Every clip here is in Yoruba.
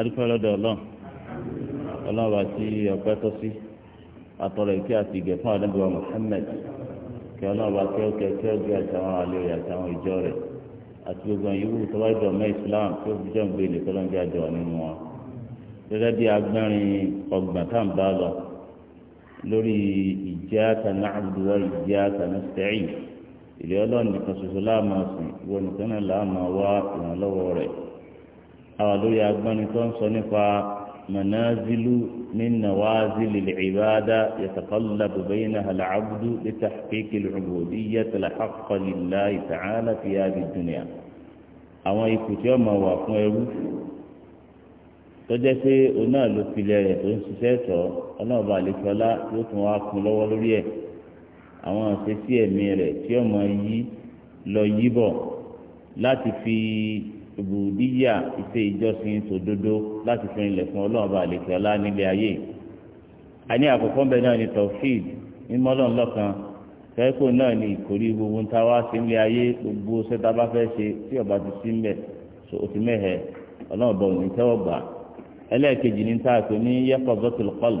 adúpẹ́ lọ́dọ̀ ọlọ́run ọlọ́run bá ti ọpẹ́ tọ́ sí atọ́rọ̀ ìké àti ìgẹ̀ fún àdébùwà Muhammad kí ọlọ́run bá kẹ́ ọkẹ́ kí ọjọ́ àtàwọn àlè rẹ̀ àtàwọn ìjọ rẹ̀ àti gbogbo ìyíwò tó bá jọ mọ́ Islam tó fi jọ ń gbé ilé tọ́lọ́n jẹ́ àjọ nínú wọn. gẹ́gẹ́ bí agbẹ́rin ọgbà tá ń bá lọ lórí iyyaka na'budu wa iyyaka nasta'in ìlú ọlọ́run nìkan ṣoṣo láàmú ọ̀sìn ìwọ nìkan náà láàmú wá ìrànlọ́wọ́ àwọn lórí agbọ́ni tó ń sọ nípa manazilu min nawazili al-ibada yataqallabu baynaha al-abdu li tahqiq al-ubudiyyah al-haqqa lillahi ta'ala fi hadhihi ad-dunya àwọn ipò tí ó máa wà fún ẹrú tọ́jẹ́ pé òun ló pilẹ̀ rẹ̀ tó ń ṣiṣẹ́ tọ́ ọlọ́ọ̀bà àlefọlá yóò tún wá kún lọ́wọ́ lórí ẹ̀ àwọn àṣetí ẹ̀mí rẹ̀ tí ó máa yí lọ yí bọ̀ láti fi ìbùdíyà ìṣe ìjọsìn tòdodo láti fi ilẹ̀ fún ọlọ́run bá lè fi ọlá nílé ayé àní àkọ́kọ́ bẹ́ẹ̀ náà ni tọ́fíìd mímọ́ ọlọ́run lọ́kan fẹ́ẹ́kọ́ náà ni ìkórí gbogbo ń ta wá sí ilé ayé gbogbo sẹ́ta bá fẹ́ ṣe tí ọba ti sí mbẹ̀ so òtí mẹ́hẹ̀ ọlọ́run bọ̀ ní tẹ́wọ̀ gbà ẹlẹ́ẹ̀kejì ní tá a ní yaqazatul qalb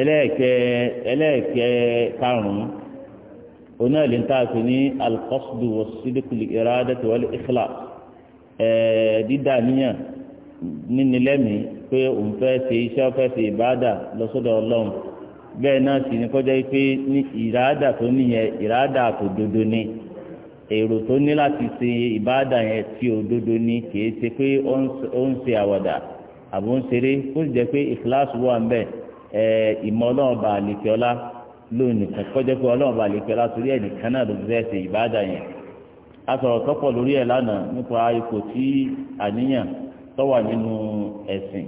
ẹlẹ́ẹ̀kẹ́ ẹlẹ́ẹ̀kẹ́ karùn-ún oní àlìntàkì ní alqasdu wasidikuli iradati wal ikhlas ẹ̀ẹ́ dídá níyàn níní lẹ́mìí pé òun fẹ́ ṣe iṣẹ́ fẹ́ ṣe ìbáàdà lọ́sọ́dọ̀ ọlọ́run bẹ́ẹ̀ náà sì ni kọjá pé ní ìràádà tó níyẹn tó dodo ni èrò tó ní láti ṣe ìbáàdà yẹn tí ó dodo ni kee ṣe pé ó ń ṣe àwàdà àbò ń ṣeré kó sì jẹ́ pé ìkíláàsì ìmọ̀ ọlọ́run bá àlèkè ọlá lónìí kan kọjá pé ọlọ́run bá àlèkè ọlá torí ẹ̀nì kan náà ló fi fẹ́ẹ́ ṣe ìbáàdà yẹn a sọ̀rọ̀ tọ́pọ̀ lórí ẹ̀ lánàá nípa ipò tí àníyàn tó wà nínú ẹ̀sìn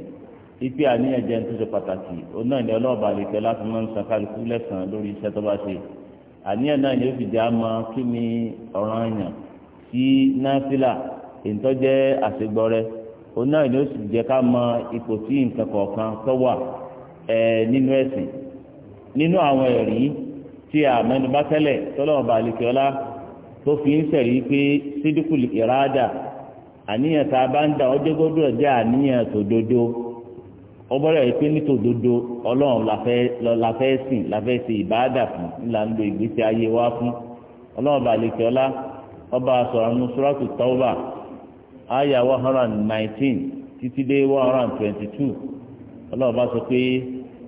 ipe àníyàn jẹ́ tó ṣe pàtàkì òun náà ni ọlọ́run bá àlèkè ọlá fi máa ń san kálukú lẹ́sàn-án lórí iṣẹ́ tó bá ṣe àníyàn náà ni ó fi jẹ́ àmọ́ kí ni ọ̀ràn àyàn sí náfìlà ìtọ́jẹ́ àṣegbọ́rẹ́ òun náà ni ó sì jẹ́ ká mọ ipò tí nǹkan kọ̀ọ̀kan tó wà ẹ nínú ẹ̀sìn nínú àwọn ẹ̀rí tí a mẹ́nubà tẹ́lẹ̀ tọ́lọ́mọba àlekèọ́lá tó fi ń sẹ̀rí pé sídìkù ìràádà àníyàn tá a bá ń dà ọjọ́ gbọ́dọ̀ jẹ́ àníyàn tòdodo ọgbọ́dọ̀ yìí pé nítòdodo ọlọ́run la sìn ṣe ìbáàdà fún ńlá ń lo ìgbésí ayé wa fún ọlọ́run àlekèọ́lá ọba sọ̀rọ̀ nínú sùràtù tọ́wọ́bà one hundred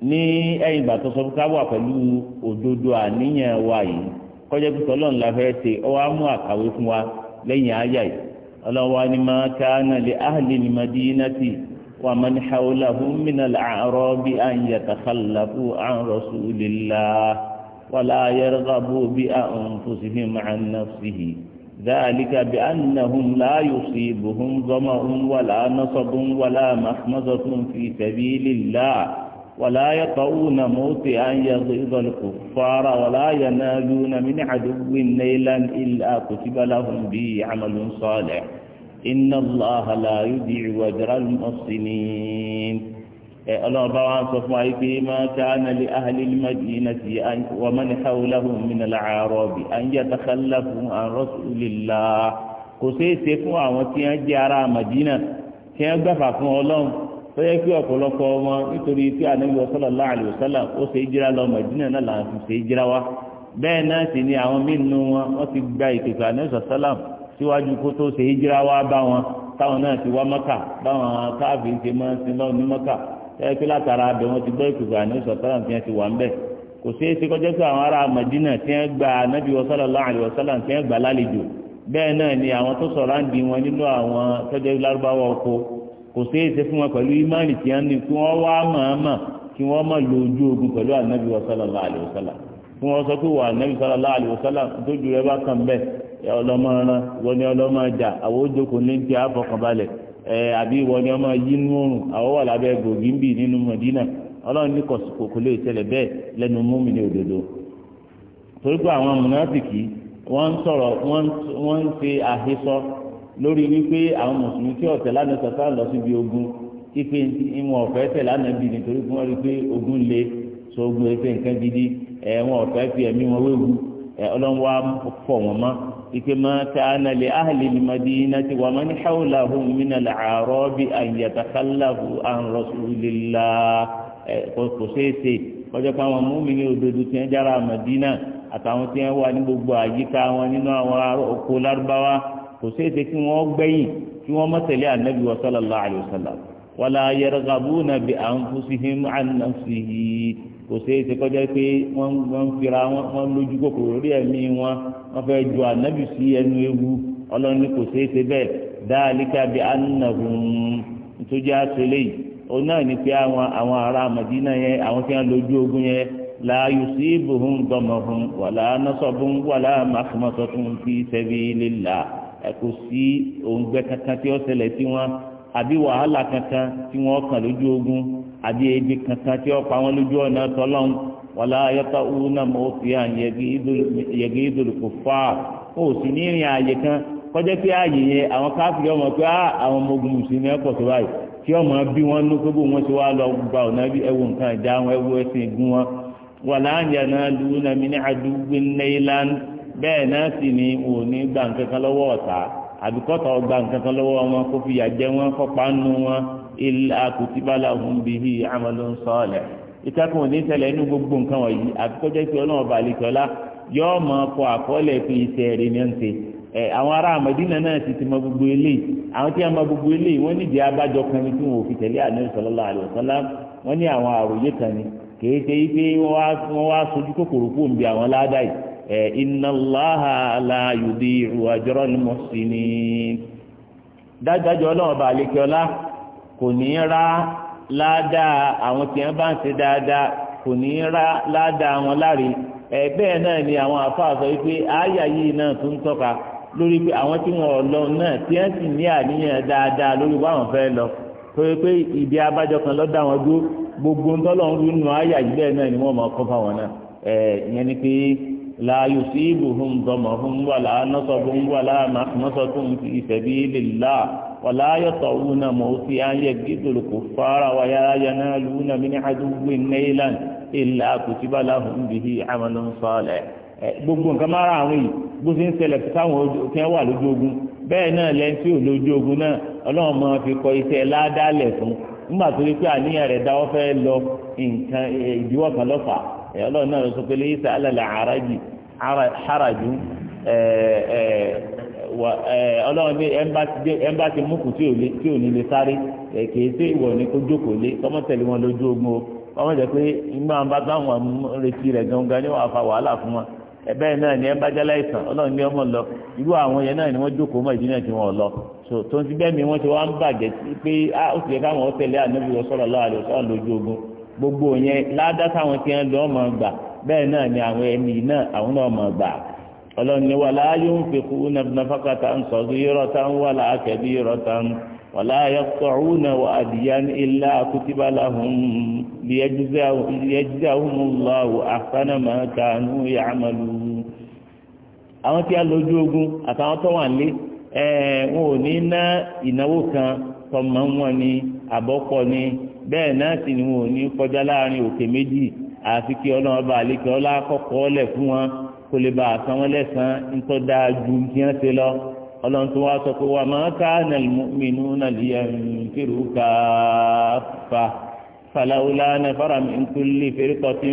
ní ẹ̀yìn ìgbà tó sọ fún káwà pẹ̀lú òdodo àníyàn wa yìí kọjá pé tọ́lọ́n la fẹ́ ṣe ọ wá mú àkàwé fún wa lẹ́yìn ayá yìí ọlọ́wà ni ma kana li ahli al-madinati wa man hawlahum min al-a'rabi an yatakhallafu an rasulillah wa la yarghabu bi anfusihim an nafsihi ذلك بأنهم لا يصيبهم ظمأ ولا نصب ولا مخمصة في سبيل الله ولا يطعون موت أن يغيظ الكفار ولا ينالون من عدو نيلا إلا كتب لهم به عمل صالح إن الله لا يضيع أجر المحسنين الله طبعا سوف ما كان لأهل المدينة أن ومن حولهم من العرب أن يتخلفوا عن رسول الله كسيسكوا وتيجي على مدينة تيجي فاكم الله tọ́jà pé ọ̀pọ̀lọpọ̀ wọn nítorí pé ànábì sallallahu alaihi wasallam ó ṣe é lọ Mẹdínà náà làwọn fi ṣe é jíra wá bẹ́ẹ̀ náà sì ni àwọn mínú wọn wọ́n ti gba ìpèsè ànábì sọ̀sálàm síwájú kó tó ṣe é bá wọn táwọn náà ti wá maka báwọn ṣe máa ń sin lọ́wọ́ ní látara abẹ wọn ti gbọ́ ìpèsè ànábì sọ̀sálàm ni kò sí èsè fún wọn pẹ̀lú imáàlì tí wọ́n ní kí wọ́n wá màámà kí wọ́n má lo ojú ogun pẹ̀lú ànábì sallallahu alaihi wasallam kí wọ́n sọ pé wà ànábì sallallahu alaihi wasallam tójú rẹ bá kàn bẹ́ẹ̀ ọlọ́mọ àwọn ní ẹ àbí ni ọmọ nú òrùn àwọn wà ń bì nínú Mọdínà ní kò lè tẹlẹ ní òdodo torí pé àwọn lórí wípé àwọn mùsùlùmí tí ọ̀tẹ̀ lánàá sọ̀tà lọ síbi ogun ipe ìwọ̀n ọ̀fẹ́ tẹ̀ lánàá bì nítorí fún wọn rí pé ogun le so ogun ẹ̀fẹ́ nǹkan gidi ẹ̀wọ̀n ọ̀fẹ́ fi ẹ̀mí wọn wéwu ọlọ́wọ́ fọ̀ wọn mọ́ ipe ma kana li Madina àtàwọn tí wà ní gbogbo àyíká wọn nínú àwọn lárúbáwá kò séèsè kí wọ́n gbẹ́yìn kí wọ́n mọ̀tẹ̀lé ànábì wa sallallahu alayhi wa sallam wala yarghabuna bi anfusihim an nafsihi kò séèsè kọjá pé wọ́n wọ́n fira wọ́n lójú kòkòrò rí ẹ̀mí wọn wọ́n fẹ́ ju ànábì sí ẹnu ewu ọlọ́ni kò séèsè bẹ́ẹ̀ dáàlíkà bi annahum nítorí àtẹlẹ́ yìí òun náà ní pé àwọn àwọn ará Madina yẹn àwọn tí wọ́n lójú ogun yẹn la yusibuhum damahum wala nasabun wala makhmasatun fi sabilillah kò sí òǹgbẹ kankan tí ó ṣẹlẹ̀ tí wọn àbí wàhálà kankan tí wọ́n kàn lójú ogun àbí ebi kankan tí ó pa wọn lójú ọ̀nà tọ́lọ́n wàlá ayọ́tà wúnà mọ́ fi hàn yẹ̀gẹ́ ìdòlùkù fà ó sì ní ìrìn àyè kan kọjá pé yẹn àwọn ọmọ pé ah, àwọn ọmọ ogun mùsùlùmí tó báyìí ọmọ bí wọn ló wọn wá lọ gba ọ̀nà bí nǹkan ìjà wọn ẹsìn ìgún wọn wàlá bẹ́ẹ̀ náà sì ni wò ní gba kan lọ́wọ́ ọ̀tá àbíkọ́tà ọgbà nǹkan kan lọ́wọ́ wọn kó fìyà jẹ wọn kọ́pa wọn ilà kùtìbálà ìtàkùn òní ṣẹlẹ̀ inú gbogbo nǹkan wọ̀nyí àbíkọ́jẹ́ pé ọlọ́run ọba àlekọ́lá yọ́ọ́ máa àkọọ́lẹ̀ ní àwọn ti mọ gbogbo a mọ gbogbo nídìí abájọ kan ní inna Allaha la yudi'u ajra al-muhsinin dájọ́jọ́ ọlọ́run ọba kò ní ra ládàá àwọn tí wọ́n bá ń ṣe dáadáa kò ní ra ládàá wọn láre ẹgbẹ́ náà ni àwọn afọ wípé àyà yìí náà tún tọ́ka lórí pé àwọn tí lọ náà tí wọ́n sì ní lọ pé ìdí abájọ kan wọn gbogbo yìí bẹ́ẹ̀ náà ni wọ́n mọ̀ ọ́ láàyò sí ibùhùn dọ̀mọ̀hún wà láàánọ́sọ̀bùn wà láàmásọ̀tún fi ìfẹ̀bí lèlá wà láàyọ̀tọ̀ wúnà mọ̀ ó ti ayẹ gídòrò kò fara wà yáyà náà lúnà mí ní adúgbò nílan ilà kùtìbà láhùn bìhí àmàlùm sọ́ọ̀lẹ̀. gbogbo nǹkan máa ra àwọn yìí bó ti ń ṣẹlẹ̀ táwọn tí wà lójú ogun bẹ́ẹ̀ náà lẹ́yìn tí ò lójú ogun náà ọlọ́run máa fi kọ iṣẹ́ ládàálẹ̀ fún nígbà tó rí pé àníyàn rẹ̀ dáwọ́ fẹ́ lọ nǹkan ìdíwọ́ kan lọ́fàá ẹ̀ ọlọ́run náà ló sọ pé léyìí sàálà là àràjì àràjù ọlọ́run bí ẹ̀ńbà ti e tí ò ní lè sáré eh, kì í sí ìwọ̀ ni kó jókòó lé wọn lójú ogun o kọ́mọ́ jẹ́ pé ìgbà wọn bá táwọn retí rẹ̀ gangan ni wọ́n á fa wàhálà fún wọn eh, náà ni ẹ̀ńbà jẹ́ láìsàn ọlọ́run ọmọ lọ irú àwọn yẹn náà ni wọ́n jókòó mọ́ ìdílé tí wọ́n lọ tó ń ti bẹ́ẹ̀ mi wọ́n gbogbo yẹn ládàá táwọn ti ń lọ ọmọ gbà bẹ́ẹ̀ náà ni àwọn ẹni náà àwọn náà mọ̀ gbà ọlọ́run ni wàlá yóò ń fi kú nàfàkàtà ń sọ̀rọ̀ yọ̀rọ̀tà ń wàlá akẹ́bí yọ̀rọ̀tà ń wàlá yọ̀kọ̀rù náà wà adìyá ní ilá akutiba lahum liyajziyahumullahu ahsana ma kanu ya'malu. àwọn tí a lójú ogun àtàwọn tó wà lé ẹ̀ wọn ò ní ná ìnáwó kan tọmọ wọn ni àbọ̀pọ̀ ni bẹ́ẹ̀ náà sì ni wọn ò ní kọjá láàrin òkè méjì àfi kí ọlọ́run bá àlékè ọlá kọ́kọ́ lẹ̀ fún wọn kó lè bá àsan wọn lẹ́sàn-án nítọ́ dáa ju kí wọ́n ṣe lọ ọlọ́run tó wá sọ pé wà máa ká nàlmínú nàlíyà nkírù káfà fàlàwùlà nàfàrà nkú lè fèrè kọtí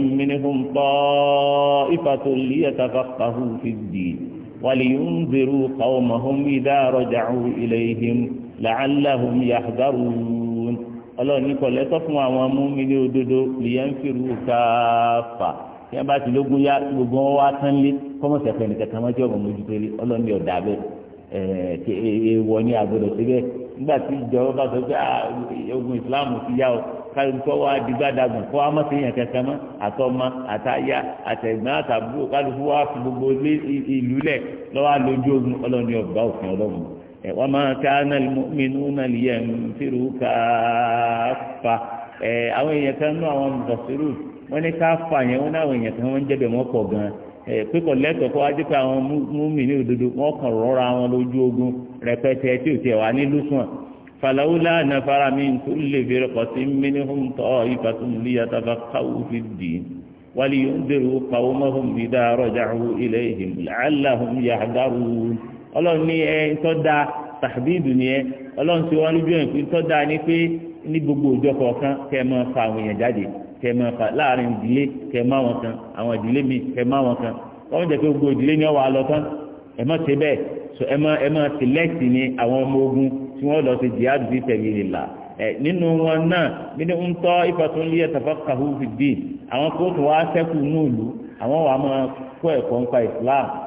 ìfàtò lìyàtà fàkàhù fìdí wàlíyùn zèrú kàwọ́ màhùn ìdá àrọ̀jà ọlọ́run ní kọ̀ lẹ́tọ́ fún àwọn múmíní òdodo lìyẹn ń fi rú káfà tí wọ́n bá ti lógún yá gbogbo wọn wá tán lé kọ́mọ̀sẹ̀ pẹ̀lú kankan mọ́jọ́ ọmọ mojútó lé ọlọ́run ní ọ̀dà bẹ́ẹ̀ ẹ̀ẹ́dẹ̀ e, e, èèwọ̀ ní agbọ́dọ̀ síbẹ̀ nígbà tí ìjọba bá sọ pé ah, ogun ìsìláàmù ti yá o kálukọ́ wa dìgbàdàgùn kọ́ wa mọ̀sí yàn kankan mọ́ àtọ́mọ àtàyà àtẹ̀gbọ́n àtàbúrò kálukú wa fi gbogbo ilé ìlú lẹ̀ lọ́wọ́ àlójú ogun ọlọ́run ní ọ̀gbá òfin ọlọ́run wọ́n máa náà mọ́mìnú náà lè yẹn fìrù káfà ẹ̀ àwọn èèyàn kan nú àwọn mùsọ̀sírù wọ́n ní káfà yẹn wọ́n náà èèyàn kan wọ́n ń jẹ́bẹ̀ wọ́n pọ̀ gan-an ẹ̀ pípọ̀ kó wájú pé àwọn òdodo kàn rọra wọn lójú ogun rẹpẹtẹ tí ò tiẹ̀ wá ní lùsùn fàlàwùlà nàfàrà mi tó lè fi rẹ̀ kọ́sí mímíhùn tọ́ ọlọ́run ní ẹ ńtọ́ da tàbíìdù ni ẹ ọlọ́run ti wọ́n lójú ẹ̀ pé ńtọ́ da ni pé ní gbogbo òjọ kọ̀ọ̀kan kẹ́ ẹ máa fa àwọn èèyàn jáde kẹ́ ẹ máa fa láàrin ìdílé kẹ́ ẹ má wọn kan àwọn ìdílé mi kẹ́ ẹ má wọn kan wọ́n jẹ́ pé gbogbo ìdílé ni ọwọ́ alọ́ tán ẹ má ṣe bẹ́ẹ̀ so ẹ má ẹ má select ni àwọn ọmọ ogun tí wọ́n lọ sí jihad tẹ̀lé rè la ẹ nínú wọn náà bí ní ń tọ́ ìfọ̀tún lé ẹ̀tàfà kàhú fi dì àwọn kóòtù wa sẹ́kù núùlù àwọn wà máa kó ẹ̀kọ́ nípa Islam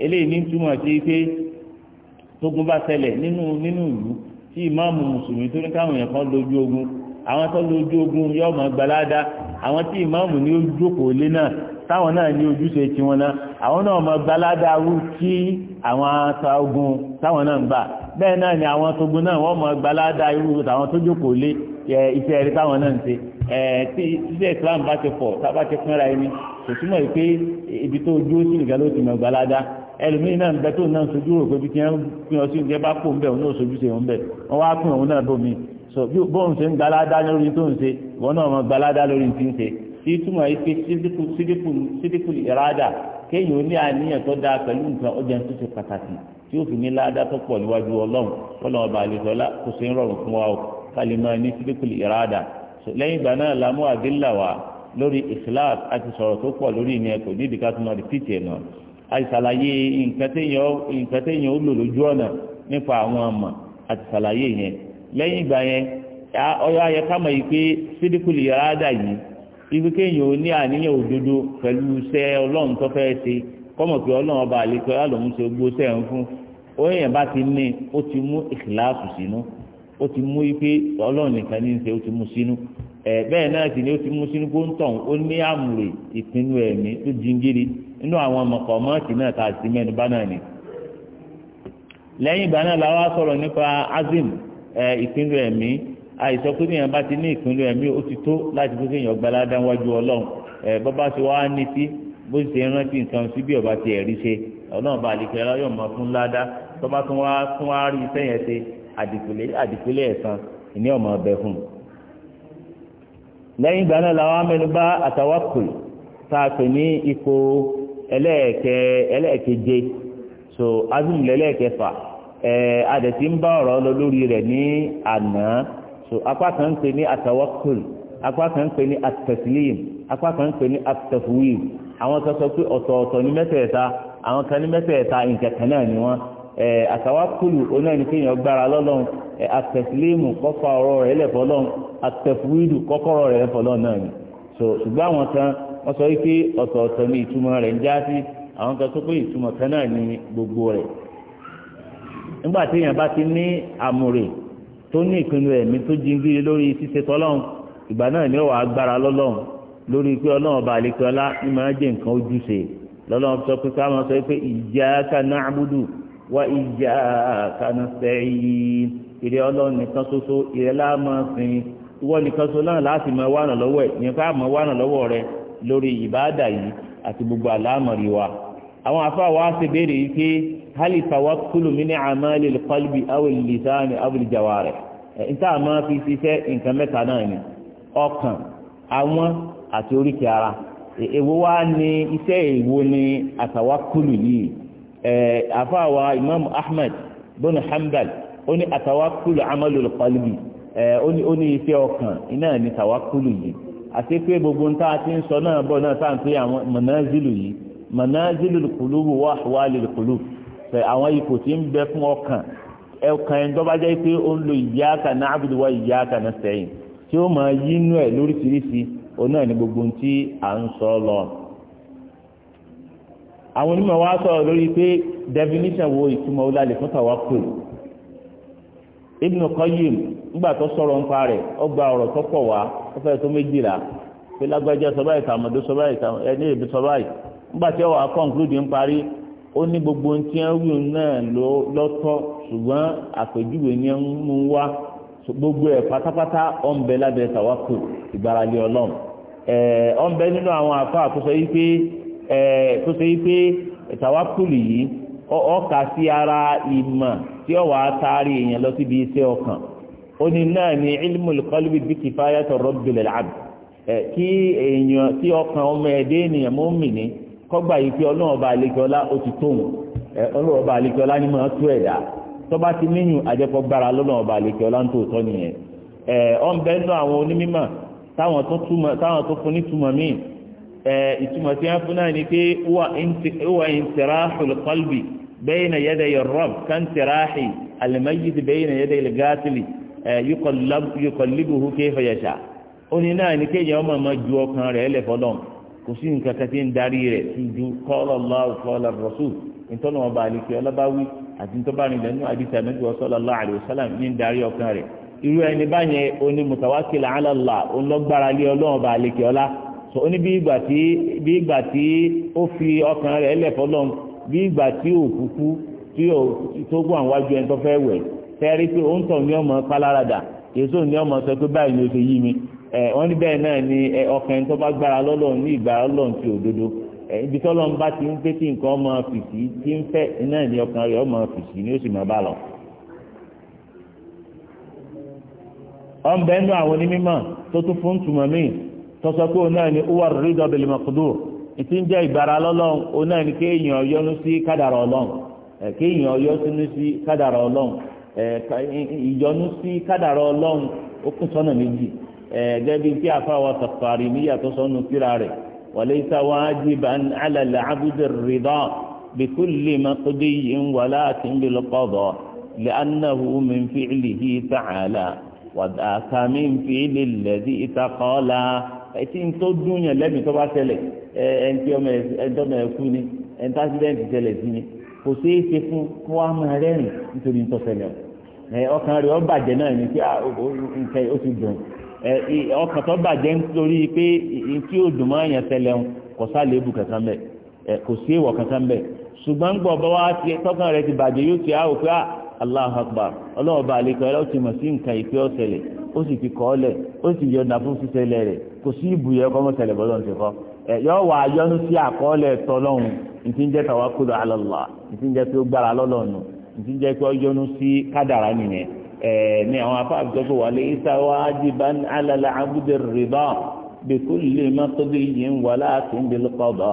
eléyìí ní túmọ̀ sí pé tógun bá ṣẹlẹ̀ nínú nínú ìlú tí ìmáàmù mùsùlùmí tó ní káwọn èèyàn kan lójú ogun àwọn tó lójú ogun yóò máa gbalada àwọn tí ìmáàmù ní ojúkòó lé náà táwọn náà ní ojúṣe tiwọn náà àwọn náà máa gbalada wú kí àwọn ata táwọn náà ń bà bẹ́ẹ̀ náà ni àwọn atogun náà wọ́n máa gbalada irú àwọn tó lé iṣẹ́ ẹ̀rí táwọn náà ń ṣe tí iṣẹ́ islam bá ti pọ̀ tábà ti pínra ẹni kò túmọ̀ pé ibi tó dúró sí nìkan ló ti mọ̀ gbalada ẹlòmíín náà ń bẹ tó náà sojú rò pé bí tiẹ́ ń pín ọ sí oúnjẹ bá pò ń bẹ̀ òun náà sojú ṣe òun bẹ̀ wọ́n wá pín òun náà bòmí so bí bóun ṣe ń gbalada lórí tó ń ṣe wọn náà mọ gbalada lórí ti ń ṣe tí túmọ̀ yìí pé sídìkù ìrádà kéèyàn ó ní àníyàn tó dáa pẹ̀lú nǹkan ọjà tó ṣe pàtàkì tí ó fi ní ládàá tó pọ̀ níwájú ọlọ́run ọlọ́run ọba àlejò ọlá kò ṣe ń rọrùn fún wa o kalima ní sídìkùlì ìràdà lẹ́yìn ìgbà náà la mú àdìlà wa lórí ikhlas àti sọ̀rọ̀ tó pọ̀ lórí ìyẹn kò ní ìdíkà tó máa di pìtì ẹ̀ náà àti sàlàyé nǹkan téèyàn ó lò lójú ọ̀nà nípa àwọn ọmọ àti sàlàyé yẹn lẹ́yìn ìgbà yẹn ọyọ ayẹ ká mọ̀ yìí pé sídìkùlì ìràdà yìí ibi kéèyàn ò ní àníyàn òdodo pẹ̀lú iṣẹ́ ọlọ́run tó fẹ́ ṣe kọ́mọ̀ pé ọlọ́run ọba àlekọ́ yálòmùsọ gbó sẹ́yìn fún ó yẹn bá ti ní ó ti mú ìkìláàsù sínú ó ti mú yí pé ọlọ́run nìkan ní í ṣe ó ti mú sínú ẹ bẹ́ẹ̀ náà sì ni ó ti mú sínú kó ó ní àmùrè ìpinnu ẹ̀mí tó jingiri nínú àwọn mọ̀kànmọ́ọ̀tì náà tá a sì mẹ́nu bá náà ni. lẹ́yìn ìgbà náà la wá sọ̀rọ̀ nípa azim ẹ ìpinnu ẹ̀mí àìsàn pé níyàn bá ti ní ìpinnu ẹ̀mí ó ti tó láti fún kéèyàn gba ládáwájú ọlọ́run ẹ bọ́bá ti wá ní sí bó ti ṣe rántí nǹkan sí bí ọba ti ẹ̀rí ṣe ọlọ́run bá àlìkẹ́ ọlọ́yọ̀ mọ́ fún ládá tọ́ba tún wá tún wá rí iṣẹ́ yẹn ṣe àdìpẹ̀lẹ̀ àdìpẹ̀lẹ̀ ẹ̀san ìní ọmọ ọbẹ̀ fún un. lẹ́yìn ìgbà náà làwọn amẹnubá àtàwákùl tá a pè ní ipò ẹlẹ́ẹ̀kẹ́ ẹlẹ́ẹ̀keje so azumulẹ̀ ẹlẹ́ẹ̀kẹfà ẹ̀ẹ́ adẹ̀tí ń bá ọ̀rọ̀ lọ lórí rẹ̀ ní àná so apá kan ń pè ní àtàwákùl apá kan ń pè ní àtẹ̀sílìm apá kan ń pè ní àtẹ̀fúwì àwọn kan sọ pé ọ̀tọ̀ọ̀tọ̀ ní mẹ́tẹ̀ẹ̀ta àwọn kan ní mẹ́tẹ̀ẹ̀ta nǹkan náà ni wọ́n àtàwákùlù onáà ní kéèyàn gbára lọ́lọ́run àtẹ̀sílẹ́mù kọ́fà ọ̀rọ̀ rẹ̀ lẹ̀ fọlọ́run àtẹ̀fúwìdù kọ́kọ́rọ̀ rẹ̀ fọlọ́run náà ni so ṣùgbọ́n àwọn kan wọ́n sọ wípé ọ̀tọ̀ọ̀tọ̀ ni ìtumọ̀ rẹ̀ ń já sí àwọn kan tó pé ìtumọ̀ kan náà ni gbogbo rẹ̀ nígbà tí èèyàn bá ti ní àmùrè ẹ̀mí tó jingiri lórí wa iyyaka nasta'in ìrẹ́ ọlọ́run nìkan ṣoṣo ìrẹ́ láàmú sin ìwọ nìkan ṣoṣo náà láti mọ wà náà lọ́wọ́ ẹ̀ nìkan àmọ́ wà náà lọ́wọ́ rẹ lórí ìbáàdà yìí àti gbogbo àlámọ̀rí wa. àwọn afa wa ṣe béèrè yìí pé hali tawakkulu min a'mali al-qalbi aw al-lisan aw al-jawarih níta àmọ́ fi ṣiṣẹ́ nǹkan mẹ́ta náà ni ọkàn àwọn àti oríkèé ara èwo wá ní iṣẹ́ èwo ni àtàwákùlù yìí Eh, àfàwà imam ahmed bin hanbal ó ní amalul qalbi eh, ó ní ife ọkàn iná ní tàwákùlù yìí àti pé gbogbo ń tá a ti ń sọ náà bọ̀ náà tá à ń pè àwọn mọ̀nàzìlù yìí mọ̀nàzìlù kùlùbù wà wàlìlì kùlùbù pé eh, àwọn ipò tí ń bẹ fún ọkàn ẹ̀kan ẹ̀ tó jẹ́ pé ó ń lo iyyaka na'budu wa tí ó àwọn onímọ̀ wa sọ̀rọ̀ lórí pé definition wo ìtumọ̀ ọlálẹ̀ fún tawakkul Ibn Qayyim nígbà tó sọ̀rọ̀ ń parẹ̀ ó gba ọ̀rọ̀ tó pọ̀ wá ó fẹ́ tó méjìlá pé lágbájá tàmọ̀dó ẹni èdè ń parí ó ní gbogbo ohun tí wọ́n wí náà lọ́tọ̀ ṣùgbọ́n àpèjúwe ni ń gbogbo ẹ̀ pátápátá ọ̀nbẹ lábẹ́ ìgbáralé ọlọ́run ọ̀nbẹ nínú àwọn àkóso tó ṣe pé tàwákùlù yìí ọkà sí ara ìmọ̀ tí ó taari èèyàn lọ síbi iṣẹ́ ọkàn ó ní náà ní ilmul qalbi bi kifayati rabbil abd kí èèyàn tí ọkàn ọmọ ẹ̀dẹ́ ènìyàn mọ́ mì ní kọ́gbà yìí pé ọlọ́run ọba àlekíọ́lá ó ti ọlọ́run ọba àlekíọ́lá ni ẹ̀dá ti níyùn àjẹpọ̀ gbára ọba àlekíọ́lá ń nìyẹn ọ̀nbẹ́ńdọ̀ àwọn onímọ̀ táwọn tó fún ní túmọ̀ míì ìtumọ̀ tí wọ́n fún náà ni pé wà ń tẹ̀rá ṣùlùkọ́lbì bẹ́yìn yẹ́dẹ̀ yọ̀rọ̀b kan tẹ̀rá ṣì alìmọ́yìí bẹ́yìn yẹ́dẹ̀ ìlgátìlì yukọ̀líbùhù kéfàyàṣà ó ní náà ní kéèyàn ọmọ ọmọ ju ọkàn rẹ̀ lẹ̀ fọlọ́n kò sí nǹkan kan tí ń darí rẹ̀ sí ju kọ́lọ̀ lọ́wọ́ kọ́lọ̀ rọ̀ṣù nítorí wọn bá àlekè ọlọ́báwí àti nítorí nínú àdìsí àmẹ́tò sallallahu alaihi wasallam ní ń darí ọkàn ọlá ó ní bí ìgbà tí bí fi ọkàn rẹ̀ lẹ̀ fọlọ́n bí ìgbà tí òkú kú tí ó gùn àwọn iwájú ẹni tó fẹ́ wẹ̀ fẹ́ẹ́rí pé ó ń tàn ní ọmọ páláradà èso ní ọmọ sọ pé báyìí mi wọ́n ní bẹ́ẹ̀ ni ọkàn ẹni tó bá gbára ní ti ibi bá ti ń pé nǹkan ọmọ ni ọkàn rẹ̀ ọmọ ni ó sì máa bá lọ. ọ̀nbẹ́nu àwọn onímọ̀ tọ́sọ pé òun náà ni ó wà rídọ̀ bil maqdur ìtí ń jẹ́ ìgbàrà lọ́lọ́run òun náà ni kéèyàn yọnu sí kádàrà ọlọ́run kéèyàn yọnu sí kádàrà ọlọ́run ìyọnu sí kádàrà ọlọ́run ó kún sọ́nà méjì gẹ́gẹ́ bí kí afáwọ sàfàrì níyà tó sọ́nù kíra rẹ̀ walaysa wajiban ala al-abdi ar-rida bi kulli maqdiyyin walakin bil qada li'annahu min fi'lihi ta'ala wa dhaka min etí ń tó dún lẹ́mìí tó bá ṣẹlẹ̀ ẹ ẹntì ọmọ ẹdọ́mọ ẹkú ni ẹntì ásídẹ́ǹtì sí ni kò ṣeé ṣe fún kó wá máa rẹ́rìn nítorí ń tọ́sẹ̀lẹ̀ ẹ ọkàn rẹ̀ ó náà ni ó ti dùn ẹ ọkàn tó bàjẹ́ nítorí pé tí ó dùn máa yàn ṣẹlẹ̀ ń kò sálébù kankan bẹ̀ ẹ kò sí èèwọ̀ kankan bẹ̀ ṣùgbọ́n gbọ̀ ti bàjẹ́ yóò ti áwò kò sí ìbùyẹ kọ́ mọ́tẹ̀lẹ̀ bọ́lọ̀ ti kọ́ ẹ yọ wà yọnu sí àkọọ́lẹ̀ tọ́lọ́hún ntí ń jẹ́ tàwákùlù ala Allah ntí ń jẹ́ pé ó gbára lọ́lọ́nu ntí ń jẹ́ pé ó yọnu sí kádàrá nìyẹn ẹ ní àwọn afáàbí tó kọ wà lé isa wajiban ala al-abdi ar-rida bi kulli maqdiyin walakin bil qada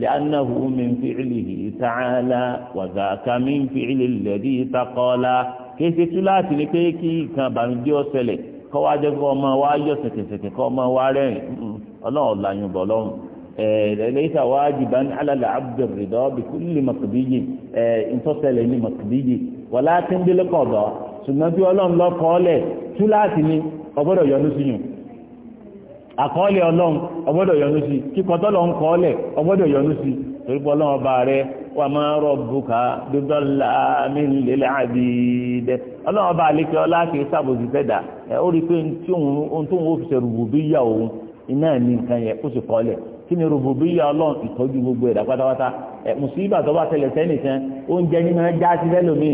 li'annahu min fi'lihi ta'ala wa dhaka min fi'li alladhi taqala kéṣe tú láti ní pé kí nǹkan kọ́ wá jẹ́ kọ́ ọmọ wa yọ sèkèsèkè kọ́ ọmọ wa rẹ́rìn ọlọ́run làyùn bọ̀ lọ́run lẹ́yìn àwọn àjìbá ní alàlà abdulridọ́ bikulli mọ̀kìbíyì ntọ́sẹ̀lẹ̀ ní mọ̀kìbíyì wọ́n láti ń délé ṣùgbọ́n bí ọlọ́run lọ kọ́ ọ́lẹ̀ tú láti ní ọgbọ́dọ̀ àkọọ́lẹ̀ ọlọ́run ọgbọ́dọ̀ wà máa rọ̀bùkà dúdọ́là mílíọ̀lẹ́ àbídẹ́ ọlọ́run ọba àlékè ọlá kì í sàbòsí fẹ́dà ẹ ó rí i pé ohun tó ń wò fi ṣe rùbùbíyà òun iná ní nǹkan yẹn kó sì kọ́lẹ̀ kí ni rùbùbíyà ọlọ́run ìtọ́jú gbogbo ẹ̀dá pátápátá ẹ mùsùlùmí àtọ́wọ́ àtẹlẹ sẹ́nìkan oúnjẹ ní máa já sí lẹ́lòmí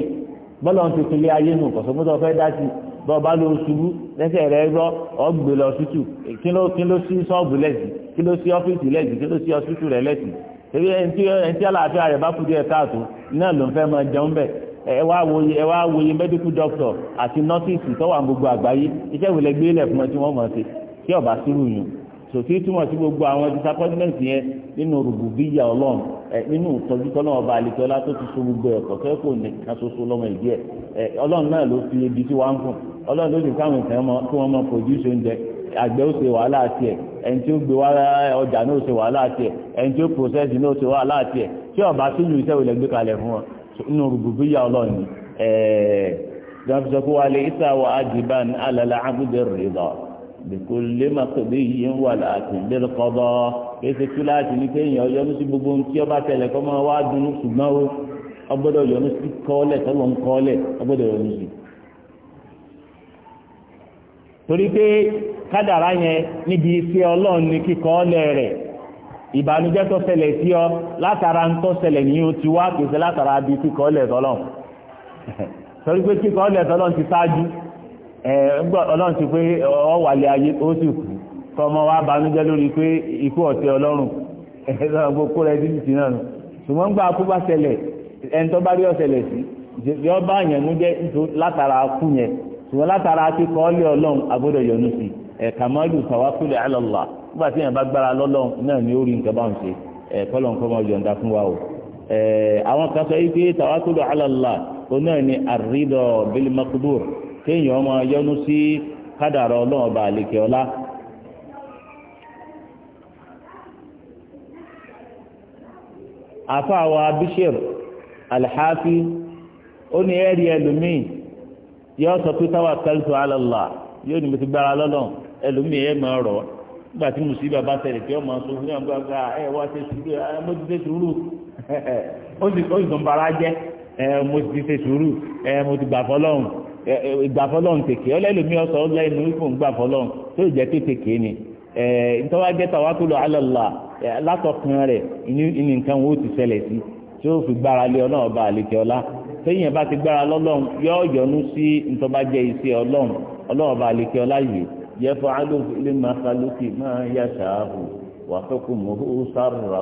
bọ́lá ń tuntun ayé nù kọ̀sọ́gbọ́tọ̀ ebi ẹntì ẹntì àlàáfíà rẹ̀ bá kú díẹ̀ káàtó náà ló ń fẹ́ máa jẹun bẹ̀ ẹ wá wòye ẹ wá wòye medical doctor àti nọ́ọ̀sìsì tó wà gbogbo àgbáyé iṣẹ́ ìwòlẹ̀ gbé ilẹ̀ fún ẹ tí wọ́n mọ̀ sí tí ọ̀bá sírù yùn sòtí túmọ̀ sí gbogbo àwọn disappointment yẹn nínú rògbòdìyà ọlọ́run ẹ nínú ìtọ́jú tọ́lọ́ ọba àlìkọ́lá tó ti so gbogbo ẹ̀kọ́ kẹ́kọ̀ọ́ nìkan ṣoṣo lọ́mọ ìdí ẹ̀ ẹ ọlọ́run náà ló fi ebi tí wọ́n ń kùn ọlọ́run ló ti káwọn ìfẹ́ mọ́ kí wọ́n mọ́ produce oúnjẹ àgbẹ̀ ó ṣe wàhálà tiẹ̀ ẹni tí ó gbé wàhálà ọjà náà ṣe wàhálà tiẹ̀ ẹni tí ó process náà ṣe wàhálà tiẹ̀ tí ọba sínú iṣẹ́ ìwòlẹ̀ gbé kalẹ̀ fún wọn inú rúbùbí yà ọlọ́run ni ẹ̀ẹ́dọ́n fi sọ pé wà lè isa wà á di bá ní alàlà abúdé rìbá bìkú lè torí pé kádàrá yẹn níbi iṣẹ́ ọlọ́run ní kíkọ́ ọ́lẹ̀ rẹ̀ ìbànújẹ́ tó ṣẹlẹ̀ sí ọ látara ń tó ṣẹlẹ̀ ní o ti wá pèsè látara bí kíkọ́ ọ́lẹ̀ tọ́lọ̀ torí pé kíkọ́ tọ́lọ̀ ti ṣáájú ọlọ́run ti pé ayé wa lórí pé ikú ọlọ́run gbogbo dídì sí náà ṣùgbọ́n gba akú bá ṣẹlẹ̀ ẹni tó bá rí ọ̀ṣẹlẹ̀ sí ṣùgbọ́n látara akíkọ́ ọ́lẹ́ ọlọ́run agbọ́dọ̀ yọnu sí ẹ̀ka mọ́lù tawakkul ala Allah nígbà tí yẹn bá gbára lọ́lọ́run náà ni ó rí nǹkan bá ń ṣe ẹ̀kọ́ lọ́n kọ́ máa yọ̀ǹda fún wa o. àwọn kan sọ wípé tawakkul ala Allah òun náà ni ar-rida kéèyàn sí ọlọ́run ọba àlekè ọlá àfáà wa Bishir al yọ sọ pé táwa kálífù alàlá yóò ní mo ti gbára lọ́lọ́ ẹlòmíì ẹ̀ máa rọ̀ nígbà tí mo sì bàbá sẹ̀rẹ̀ pé ọmọ sọ fún yàgbá gba ẹ wá ṣe sùúrù ẹ mo ti ṣe sùúrù ó sì tún bara jẹ́ ẹ mo ti ṣe sùúrù ẹ mo ti gbà fọlọ́hùn ìgbà fọlọ́hùn tèké ọlẹ́lòmíì ọ̀sọ̀ ọlẹ́nu ìfò ń gbà fọlọ́hùn tó jẹ́ pé tèké ni ntọ́wájẹ́ tàwákùlù alàlá látọkùn rẹ̀ ní nǹkan wo ti ṣẹlẹ̀ sí tí ó fi gbára lé ọ náà ọba àlejò ọlá téèyàn bá ti gbára lọ́lọ́run yọọ yọnu sí ntọ́ba jẹ́ iṣẹ́ ọlọ́run ọlọ́run bá lè kí ọ láàyè yẹ fọ alóòfin lè máa ka lókè máa yá sàáhù wà fẹ́kù sàrà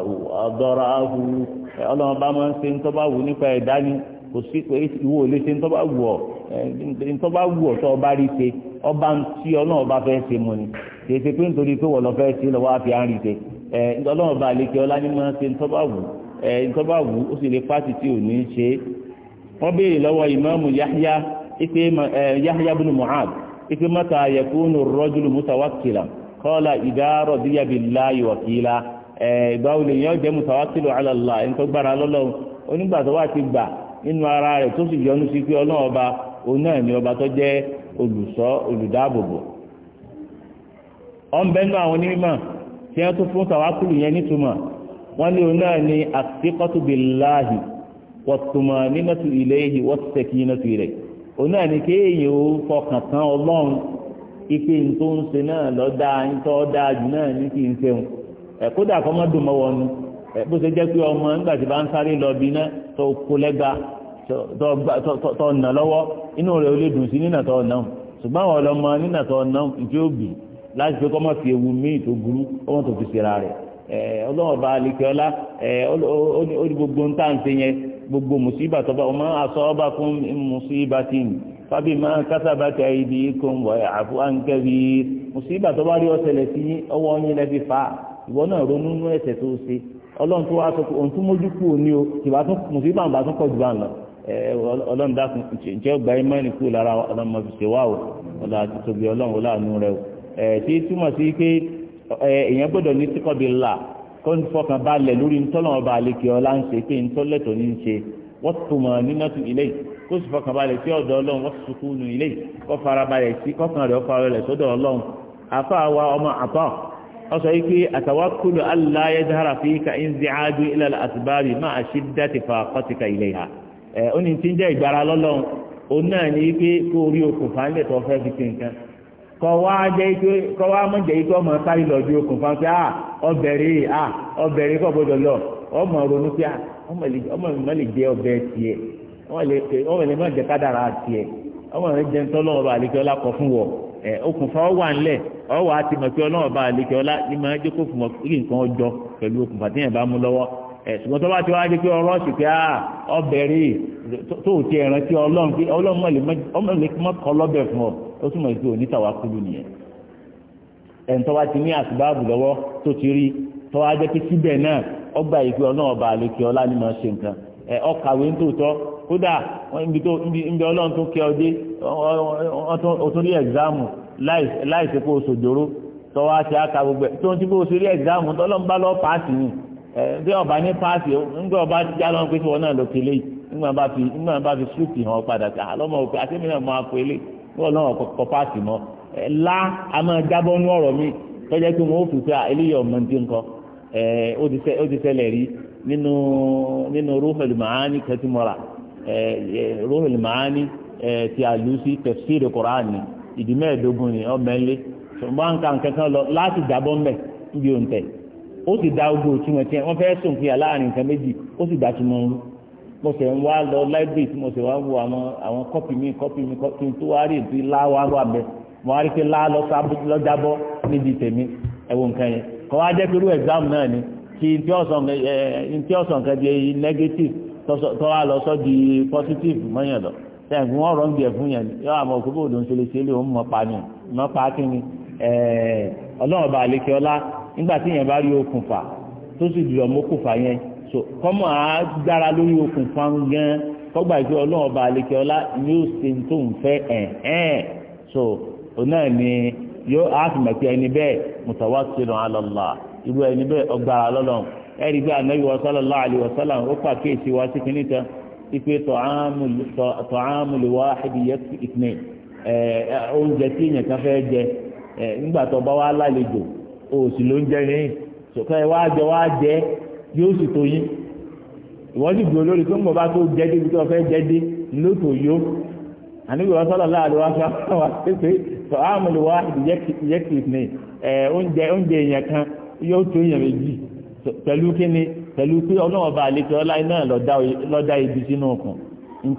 ọlọ́run bá máa ń ṣe nípa ẹ̀dá ni kò sí pé lè ṣe ntọ́ba wù ọ ntọ́ba rí ṣe ọba bá fẹ́ ṣe mọ́ fẹ́ ṣe lọ́wọ́ wọ́n béèrè lọ́wọ́ ìmáàmù yahya ipe eh, yahya bin mu'ad ipe mata yakunu rọ́júlù mutawakila kọ́lá ìdárọ̀ díyàbí láyé wàkílá ìgbà olè yẹn jẹ́ mutawakilu alàlá ẹni tó gbára lọ́lọ́run onígbà tó wà ti gbà nínú ara rẹ̀ tó sì yọnu sí pé ọlọ́run ọba ọba tó jẹ́ olùṣọ́ olùdáàbòbò ọ̀nbẹ́nu àwọn onímọ̀ tí wọ́n tún fún tàwákùlù yẹn nítumọ̀ wọ́n ní òun náà ni wọ̀tùmọ̀nínàtù ilayhi wọ́tùtẹ̀kínàtù ile òun náà ni kéèyàn ó fọkàn tán ọlọ́run ipe tó ń ṣe náà lọ dáa dáa jù náà ní kí n kọ́ mọ́ dùn mọ́ wọnú bó ṣe jẹ́ pé ọmọ nígbà tí bá ń sáré lọ bí iná tó kó lẹ́gba tó nà lọ́wọ́ inú rẹ̀ ó lè dùn sí nínà tó nà ṣùgbọ́n àwọn nínà tó nà òbí láti fi fi ewu míì tó burú tó fi rẹ̀ ọlọ́wọ́ bá ọlá ó ní gbogbo mùsíbà tó bá ọmọ asabakum min musibatin fabima kasabat aydikum wa ya'fu ibi kabir mùsíbà tó bá rí ọ̀sẹ̀lẹ̀ sí ọwọ́ yín lẹ́bi fa ìwọ náà ronú nú ẹ̀ṣẹ̀ tó ṣe ọlọ́run tó wá sọ pé òun tún mójú kú òní o ìbá tún ń bá tún jù bá ń lọ dákun ọgbà kú lára fi ṣe wá o àti tó ń fọkàn balẹ̀ lórí ntọ́lọ́wọ́ bá lè kí ọlá ń ṣe pé ntọ́lẹ́tọ̀ ní ń ṣe wọ́n tó mọ̀ nínú tu ilé kó sì fọkàn balẹ̀ sí ọ̀dọ̀ ọlọ́run wọ́n sunkún nu ilé kó fara balẹ̀ sí kọ́kàn rẹ̀ fara rẹ̀ sọ́dọ̀ ọlọ́run afa wa ọmọ àtọ́ ọsọ yìí pé àtàwákùlù aláyé dára fi ka ń zi áájú ilẹ̀ àtibáàbì máa ṣe dáti fa kọ́tìkà ilé ha ẹ̀ ó ní ti ń jẹ́ ìgbára lọ́lọ́run òun náà ní pé kó orí okùnfà ń lè tọ́ fẹ́ fi ṣe nǹkan kọwaa wá mọ̀ ọmọ sáré lọ bí okùn fún pé ọbẹ̀rẹ̀ ah, ọbẹ̀rẹ̀ ah, kọ́ gbọ́dọ̀ lọ ọmọ ronú pé ah, ọmọ lè jẹ ọmọ lè má jẹ kádàrà ọmọ rẹ jẹ ntọ́ lọ́wọ́ bá ọlá kọ wọ ẹ okùn fún ọ wà ọ wà á ti ni kó fún ọ kí nǹkan pẹ̀lú okùn mú lọ́wọ́ ṣùgbọ́n tó bá ti wá di pé ó túmọ̀ ìpè òní tàwákùlù nìyẹn ẹ̀ǹtọ́ wa ti ní àtibáàbù lọ́wọ́ tó ti rí tọ́ jẹ́ pé síbẹ̀ náà ọgbà ọlọ́run ọba àlekè ọlá ni ṣe nǹkan ọkàwé ń tòótọ́ kódà ibi ọlọ́run tó kẹ́ ọ dé ọtún rí láìsí kó o gbogbo ẹ̀ tó ń ti o ṣe lọ ẹ̀ ọba ọba ọ wọ́n náà kọ́ mọ́ lá a máa jábọ́ nú ọ̀rọ̀ mi tọ́jà pé wọ́n ó fi pé eléyìí ọmọ ti ń kọ́ ó ti ṣẹlẹ̀ rí nínú nínú rúhùl màání kẹtìmọ́ra rúhùl màání ti àlùsí tafsir kùránì ìdí mẹ́ẹ̀ẹ́dógún ni ọmọ ẹ̀lẹ́ ṣùgbọ́n nǹkan kankan lọ láti jábọ́ mbẹ̀ níbi òǹtẹ̀ ó sì dá ogun òtún ẹ̀ tiẹ̀ wọ́n fẹ́ sùn fìyà láàrin nǹkan méjì ó mo sì ń wá lọ library tí mo sì wá wo àwọn àwọn kọ́pì mi kọ́pì mi kọ́pì mi tó wá rí wa wà bẹ́ẹ̀ mo wá rí pé lá lọ́jàbọ́ níbi tèmi ẹ̀wọ̀n nǹkan yẹn kọ́ wá jẹ́ pé irú exam náà ni kí n tí ọ̀sán kan di negative lọ sọ di positive mọ́yàn lọ wọn yẹn yọ àmọ́ ń pa ni pa kí ni ọlọ́run ọlá nígbà tí yẹn bá rí okùnfà tó sì so kọ́mọ̀ á gbára lórí okùn fáwọn gan kọ́gbà ìfẹ́ ọlọ́run ọba àlekè ọlá yóò tó ń fẹ́ so ọ̀nà ni yóò á fi mọ̀ pé ẹni bẹ́ẹ̀ mutawakkilun ala Allah irú ẹni bẹ́ẹ̀ ọgbàrá lọ́lọ́run ẹ̀rí bí anabi wa sallallahu alayhi wa sallam ó wa sí kìíní ipe oúnjẹ tí èèyàn kan fẹ́ jẹ nígbà yóò sì tó yín ìwọ́n sì dùn olórí pé ń bọ̀ bá tó jẹ́ débi tó fẹ́ jẹ́ ló tó yó àníbi wọn sọ́lọ̀ láàrin wá fún wa pépé sọ àmúlò wá ìdíyẹ́kìtì ní oúnjẹ oúnjẹ èèyàn kan yóò tó èèyàn méjì pẹ̀lú kíni pẹ̀lú pé ọlọ́run àlejò ọlá iná lọ́dá ibi sínú ọkàn ń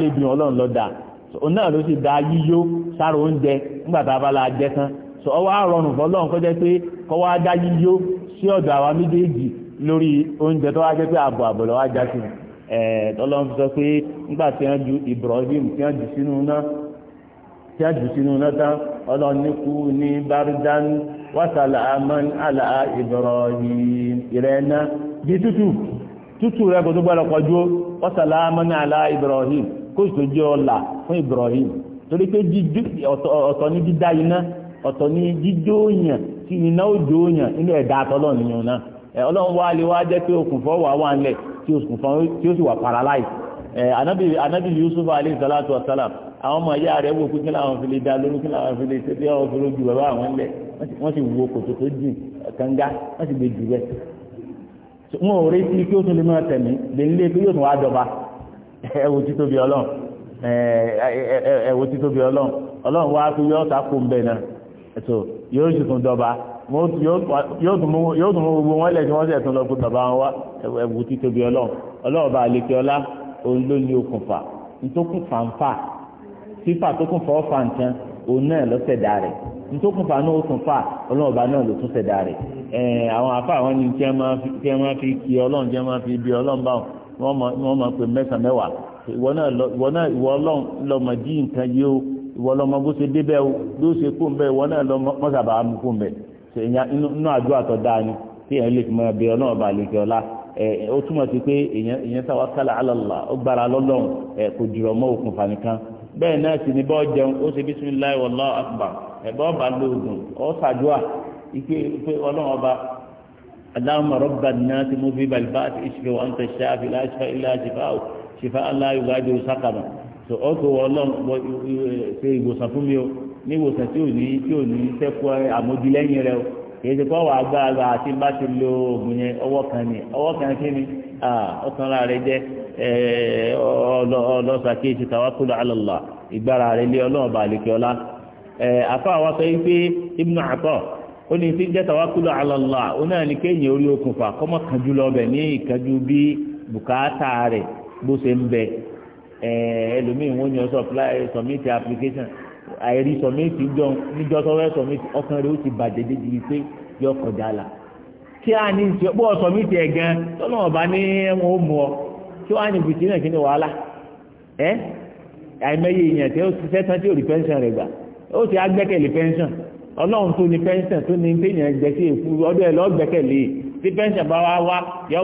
lébi ọlọ́run lọ́dà òun náà ló ti da yíyó oúnjẹ nígbà tá a bá la jẹ tán sọ ọ wá rọrùn fọlọ́run kọjá pé kọ́ wá dá yíyó sí ọ̀dọ̀ àwa méjèèjì lórí oúnjẹ tó wá jẹ́ pé ààbò ààbò lọ́wọ́ ajá sí sọ pé nígbà tí wọ́n ju Ibrahim tí wọ́n jù sínú náà tí wọ́n jù sínú náà tán ọlọ́ọ̀nìkú ní amán àlà Ibrahim ìrẹ́ náà bí tútù tútù rẹ kò tó gbọ́dọ̀ kọjú wàsàlà amán àlà Ibrahim kó sì tó jẹ́ ọ̀la fún Ibrahim torí pé ẹ ọlọ́run wá lè wá jẹ́ pé okùnfọ́ wà wà ńlẹ̀ tí okùnfọ́ tí ó sì wà paralyze ẹ anabi anabi yusuf alayhi salatu wa salam àwọn ọmọ ìyá rẹ̀ wò pé kí làwọn fi lè da lórí kí làwọn fi lè ṣe bí àwọn fi lè ju bàbá àwọn ńlẹ̀ wọ́n sì wo kòtò tó jìn kànga wọ́n sì lè jù bẹ́ẹ̀ wọn ò retí kí ó tún lè máa tẹ̀mí délé pé yóò tún wá dọba ẹ wò tí tóbi ọlọ́run ẹ wò tí tóbi ọlọ́run ọlọ́run wá pé yóò sá kó ń bẹ̀ náà ẹ̀tọ́ yóò sì tún dọba yóò tún mú gbogbo wọn lẹ̀ tí wọ́n sẹ̀ tún lọ fún bàbá wọn wá ẹ̀wù títóbi ọlọ́run ọlọ́run bá àlekè ọlá òun ló ní okùnfà ntòkùn fàǹfà fífà tó kùn fọ́ fà nǹkan òun náà ló ṣẹ̀dá rẹ̀ ntòkùn fà náà ó tún fà ọlọ́run bá náà ló tún ṣẹ̀dá rẹ̀ ẹ̀ẹ́n àwọn àfà àwọn ni tí ẹ máa fi kí ọlọ́run tí ẹ máa fi bí ọlọ́run báwọn wọ́n máa pè mẹ́sàn-án mẹ́wàá èèyàn inú àdúrà tó dáa ni tí èèyàn lè fi mọ ẹbí ọlọ́run ọba àlejò ọlá ó túmọ̀ sí pé èèyàn tawakkala ala Allah ó gbára lọ́lọ́run kò jùrọ̀ mọ́ òkùnfà nìkan bẹ́ẹ̀ náà sì ni bọ́ọ̀ jẹun ó ṣe bisimilayi wallahu akbar ẹ̀bọ́ ọba lóògùn ó ṣàdúrà ike pé ọlọ́run ọba اللهم رب الناس مذهب الباس اشف وانت الشافي لا شفاء الا شفاؤك شفاء لا يغادر ní ìwòsàn tí ò ní tí ò ní sẹ́kù àmójúlẹ́yìn rẹ o kìí ṣe kọ́ wà agbára àti bá ti lo oògùn yẹn ọwọ́ kan ni kan kí ni ọkàn rẹ jẹ ọlọ́sà kí ṣe ala ìgbára rẹ lé ọlọ́run bá ọlá afa wa sọ pé ó ní fi ala Allah ó náà ní kéèyàn orí kanjú ní ìkanjú bí bùkátà bó ṣe àìrí sọ̀mẹ́tì níjọ́ sọ́wọ́ sọ̀mẹ́tì ọkàn rẹ̀ ó ti bàjẹ́ débi pé yọ kọjá la kí á ní ìṣe bó sọ̀mẹ́tì ẹ̀ gan tọ́lọ́ ọ̀bá ní ẹ̀wọ̀n ó mú ọ kí wọ́n á ní bùtì náà kí ni wàhálà ẹ́ àìmọye èèyàn tẹ́ ó ti sẹ́tàn tí ò rí pẹ́ńsàn rẹ̀ gbà ó ti agbẹ́kẹ̀lé pẹ́ńsàn ọlọ́run tó ní pẹ́ńsàn tó ní téèyàn jẹ́ sí èkú ọdún ẹ̀ lọ́ọ́ gbẹ́kẹ̀lé tí pẹ́ńsàn bá wá wá yọ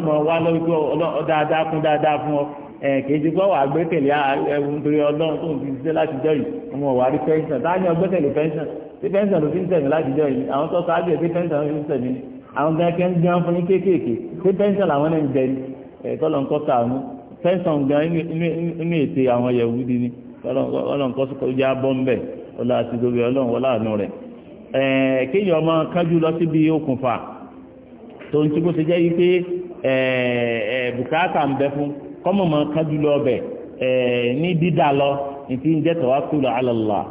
kèéjì pé wà gbẹ́kẹ̀lé ẹ̀wọ̀n torí ọlọ́run tó ń fi ṣiṣẹ́ láti jọ yìí ọmọ wà rí pẹ́ńsàn tá a ní ọgbẹ́kẹ̀lé pẹ́ńsàn tí pẹ́ńsàn ló fi ń tẹ̀mí láti jọ yìí àwọn tó sáájú ẹ̀ pé pẹ́ńsàn ló fi ń tẹ̀mí àwọn gẹ́gẹ́ ń gbọ́n fún yín kéékèèké pé pẹ́ńsàn làwọn náà ń jẹ ni tọ́lọ̀ ń kọ́ sàánú pẹ́ńsàn gan inú ètè àwọn yẹ̀wù di ni tọ́lọ̀ ń kọ́ sọ́jà bọ́ ń bẹ̀ ọlá àti gbogbo ọlọ́run wọlá àánú rẹ̀ kéèyàn ọmọ kájú lọ síbi okùnfà tó ń tí kó ṣe jẹ́ yí pé bùkátà ń bẹ fún kọ́mọ̀ máa kájú lọ bẹ̀ ní dídà lọ ní ń jẹ́ ala Allah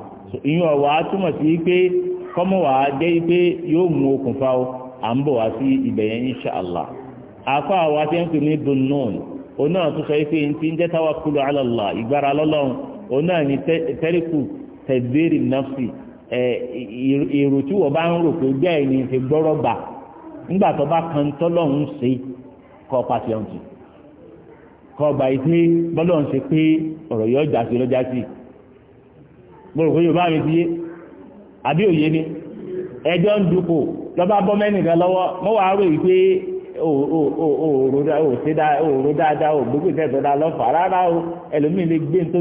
ìyún ọ̀wà túmọ̀ sí pé kọ́mọ̀ jẹ́ pé yóò mú okùnfà o à ń bọ̀ insha àwa ń pè ní náà tún sọ pé ń ala ìgbára lọ́lọ́run náà ní tẹ́ríkù tẹ̀gbẹ́rì nafsi èrò tí wọ́n bá ń rò pé ni gbọ́rọ̀ gbà tó bá kọ́ gbà yìí pé bọ́lọ̀ ń ṣe pé ọ̀rọ̀ yọ ọjà sí lọ́jà sí mo rò pé yorùbá mi ti yé àbí òye ni ẹjọ́ ń dupò lọ́ba bọ́ mẹ́nìkan lọ́wọ́ mo wàá rò yìí pé òòrò dáadáa ò gbogbo ìtẹ́tọ́ dáa lọ́fà rárá o ẹlòmíì lè gbé ju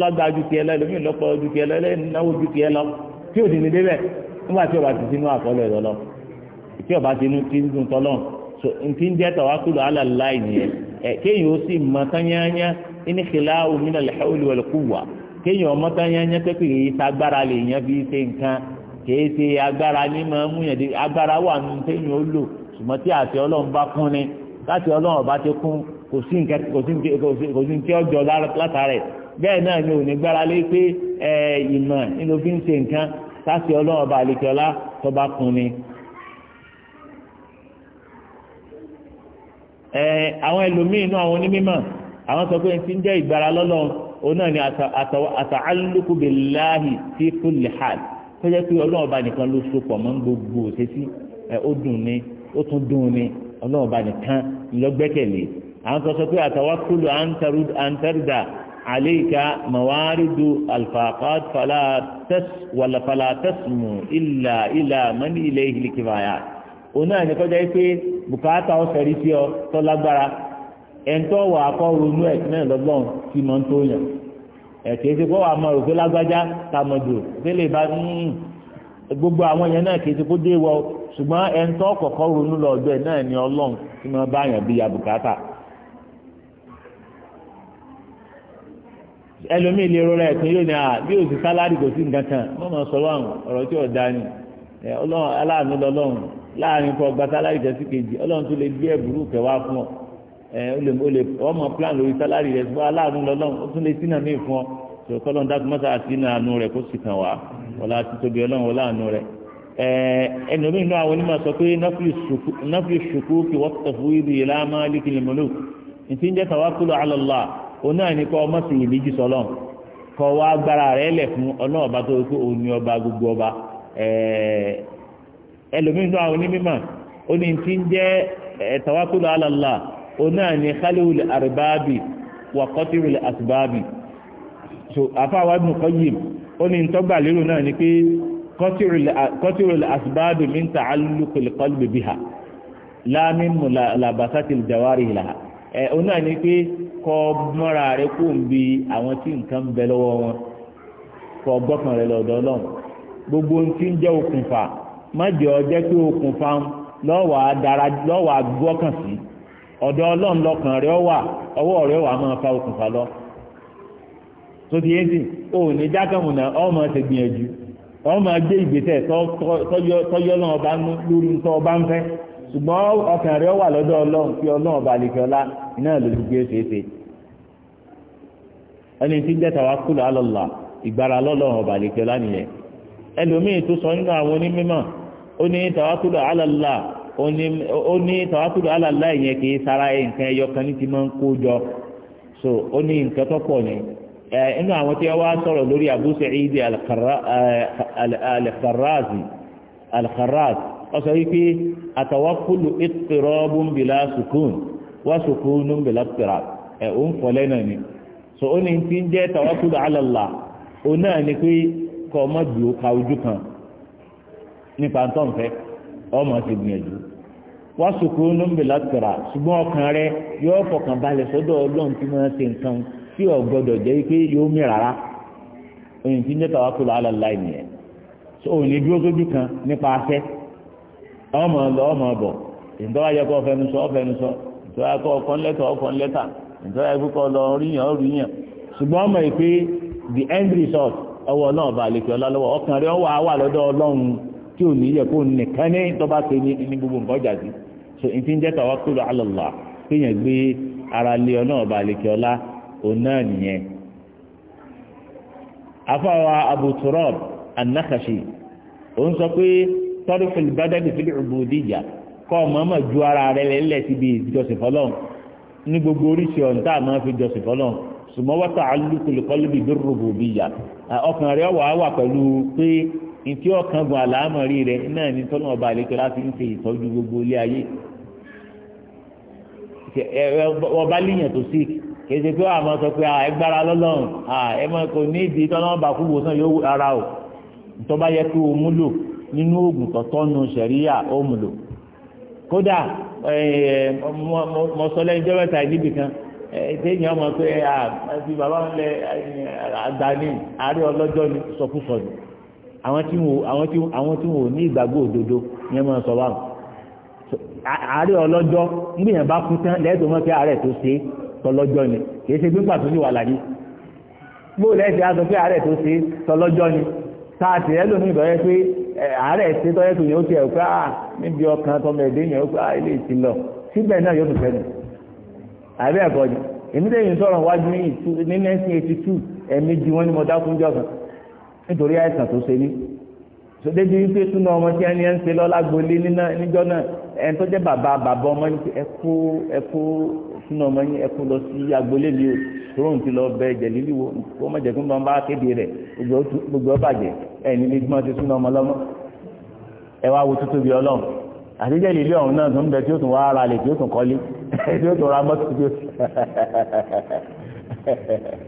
lọ ẹlòmíì lọ́pọ̀ ju lọ lọ Eh, kéèyàn ó sì mọ tányányá ní kìlá òmìnira lẹ́hàwọ́lì wal quwwa kéèyàn ọmọ tányányá pé kìí ṣe agbára lè yàn fi ṣe nǹkan kìí ṣe agbára ní máa mú yàn dé agbára wà nù téèyàn ó lò ṣùgbọ́n tí àti ọlọ́run bá kún ni láti ọlọ́run ti kún kò sí nǹkan kò àwọn ẹlòmíì inú àwọn onímọ̀ àwọn sọ pé ti ń jẹ́ ìgbára lọ́lọ́ òun náà ni àtàlùkù billahi fi kulli hal tó jẹ́ pé ọlọ́run ọba nìkan ló sopọ̀ mọ́ gbogbo òṣèṣì ó dùn ni ó tún dùn ni ọlọ́run nìkan lọ́gbẹ́kẹ̀lé àwọn sọ pé àtàwákùlù àǹtẹ̀rùdà àléìka màwárídù alfàkàt ìlà ìlà mọ́ní ilẹ̀ ìhìlìkìbàyà òun náà ni kọjá pé bùkátà ọ̀sẹ̀ tí ọ tó lágbára ẹ̀ńtọ́ wà á kọ́ ronú ẹ̀ tí náà lọ́gbọ̀n tí mọ̀ ń tó yàn ẹ̀kẹ́ ti kọ́ wà mọ̀ òfin lágbájá tàmọ̀dù tẹ́lẹ̀ bá hmm. gbogbo àwọn yẹn náà kì í ti kó dé wọ ṣùgbọ́n ẹ̀ńtọ́ kọ̀kọ́ ronú lọ́dọ̀ ẹ̀ náà ni ọlọ́run tí wọ́n bá yàn bí ya bùkátà. ẹlòmíì lè rọra ẹ̀sìn yóò ní à bí òsì sálárì kò sí nǹkan kan sọ láàrin kọ gba sálárì jẹ sí kejì ọlọ́run tó lè gbé ẹ̀bùrú kẹwàá fún ọ ẹ ó lè ọmọ plan lórí sálárì rẹ fún aláàánú lọ́lọ́run ó tún lè sínà míì fún ọ sọ̀tọ́lọ́n dákúmọ́sá àti iná àánú rẹ̀ kó sì kàn wá wọlá àti tóbi ọlọ́run wọlá àánú rẹ̀ ẹni omi inú àwọn onímọ̀ sọ pé nọ́fìlì ṣùkú kí wọ́n tẹ̀ fún ibi ìlà máa líkì lè mọ̀lú ìtì ń jẹ́ tàwákùlù àlọ́lá oná ẹni kọ́ ọmọ sì yìí sọlọ́n kọ́ wá gbára rẹ̀ lẹ̀ fún ọlọ́ọ̀bá tó kó ní ọba gbogbo ọba ẹlòmínú àwọn onímọ̀ ó ní ti ń jẹ́ tawakkulu ala Allah òun náà ní khalul arbaabi wa qatirul asbaabi so àfáwá Ibn Qayyim ó ní tọ́gbà lérò náà ni pé qatirul asbaabi min ta'alluqil qalbi biha la min mulabasatil jawarih laha ẹ̀ òun náà ni pé kọ́ mọ́ra rẹ̀ kó ń bi àwọn tí nǹkan bẹ lọ́wọ́ wọn kọ́ gbọ́kàn rẹ̀ lọ́dọ̀ ọlọ́run gbogbo ohun ń jẹ́ okùnfà mọ́jọ jẹ́ pé okùn fáwọn lọ́wọ́ adara lọ́wọ́ agbọ́kàn sí ọdọ ọlọ́run lọkàn rẹ̀ wà fa okùn lọ. tó ti yé si o ní jákàmù náà ọmọ ti gbìyànjú ọmọ gbé ọ tọ́jọ́ náà bá ń lórí ọba ń fẹ́ ọkàn wà fi ọlá iná gbé ṣeéṣe. ẹni tí wa ìgbára fi ọlá nìyẹn ẹlòmíì tó sọ nínú ó ní tàwátúlù alàlá ó ní tàwátúlù alàlá ìyẹn kì í sara nǹkan ẹyọ kan ní ti máa ń kó jọ so ó ní nǹkan tó pọ̀ ni inú àwọn tí wọ́n wá sọ̀rọ̀ lórí Abu Sa'id al-Kharrazi al-Kharrazi wọ́n sọ wípé àtàwákùlù ìtìrọ́bù ń bìlá sùkún wá sùkún ń bìlá tìrà ẹ̀ ń fọlẹ́ náà ni so ó ní ti ń jẹ́ tàwákùlù alàlá ó náà ni pé kọ́ ọ má dùn ka ojú kan nípa ntọ́nfẹ́ ọmọ ti gbìyànjú wọ́n sùkúrú ló ń bè látara ṣùgbọ́n ọkàn rẹ yóò fọkàn balẹ̀ sọ́dọ̀ ọlọ́run tí wọ́n ṣe nǹkan tí ò gbọ́dọ̀ jẹ́ pé yóò mí rárá òyìn tí ń jẹ́ tàwa kúrò alálàá ìnìyẹn so òní dúró sójú kan nípa afẹ́ ọmọ lọ ọmọ bọ̀ ìtọ́wá yẹ kó ọfẹnu sọ ọfẹnu sọ ìtọ́wá kó ọkọ ńlẹ́tọ̀ ọkọ ńlẹ́tà ìtọ́wá yẹ kó lọ ríyàn ríyàn ṣùgbọ́n ọmọ ìpè the end result ọwọ́ náà balẹ̀ kí ọlá lọ́wọ́ ọkàn rẹ wà tí ò ní yẹ kó nìkan ní tọ́ba ṣe ní ní gbogbo nǹkan ọjà sí so n ti ń jẹ́ tawakkulu ala Allah kéèyàn gbé ara lé ọ náà balẹ̀ kí ọlá òun náà nìyẹn. afáwa Abu Turab an-Nakashi òun sọ pé tarful badani fil ubudiyya kọ́ mọ́mọ́ ju ara rẹ lẹ́lẹ̀ síbi ìjọsìn fọlọ́n ní gbogbo oríṣi ọ̀n máa fi jọsìn fọlọ́n sùmọ́ wa nke ọkàn gun àlámọ̀rí rẹ̀ náà ní tọ́lọ́mọ bá àlejò láti ń ọba líyàn tó sí kèsì pé sọ pé lọ́lọ́run ẹ kò ní ìdí bá ara o yẹ kí o múlò nínú oògùn sẹ̀ríyà ó múlò kódà ìjọba kan téèyàn mọ̀ pé bàbá lẹ àdáni àárẹ̀ ọlọ́jọ́ ni sọkúsọ àwọn tí wọn àwọn tí àwọn tí wọn ò ní ìgbàgbọ́ òdodo yẹn máa sọ báwọn àárẹ̀ ọlọ́jọ́ ngbìyàn bá kú tán lẹ́ẹ̀tọ́ mọ́ pé àárẹ̀ tó ṣe tọlọ́jọ́ ni kì í ṣe gbígbà tó ní wà láyé bó lẹ́ẹ̀tẹ́ á sọ pé àárẹ̀ tó ṣe tọlọ́jọ́ ni sáàtì ẹ lómi ìbẹ̀rẹ̀ pé àárẹ̀ ṣe tọ́jọ́ tó yẹn ó ti ẹ̀ pé à ah, níbi ọkàn tọmọ ẹ̀dẹ́ yẹn ó pé à ah, ilé ìtì lọ síbẹ̀ náà yóò tún fẹ́ àbẹ́ ẹ̀kọ́ ni èmi nítorí àìsàn tó ṣe ní sọdẹ́bí wípé súnà ọmọ tí ẹni ẹ ń ṣe lọ́la gbolé níjọ́ náà ẹni tó jẹ́ bàbá bàbá ọmọ yín ẹ kó ẹ kó súnà ọmọ yín ẹ kó lọ sí agbolé mi o tóró ń ti lọ bẹ ẹ̀jẹ̀ líli wo kó má jẹ́ kó máa bá kéde rẹ̀ gbogbo ọbàjẹ́ ẹni ní bí wọ́n ti súnà ọmọ lọ́mọ ẹ wá wo tuntun bí ọlọ́run àtijọ́ ìlú ọ̀hún náà tó ń bẹ tí ó tún wá ara lè tí ó tún kọ́lé tí ó tún ra mọ́tò tí ó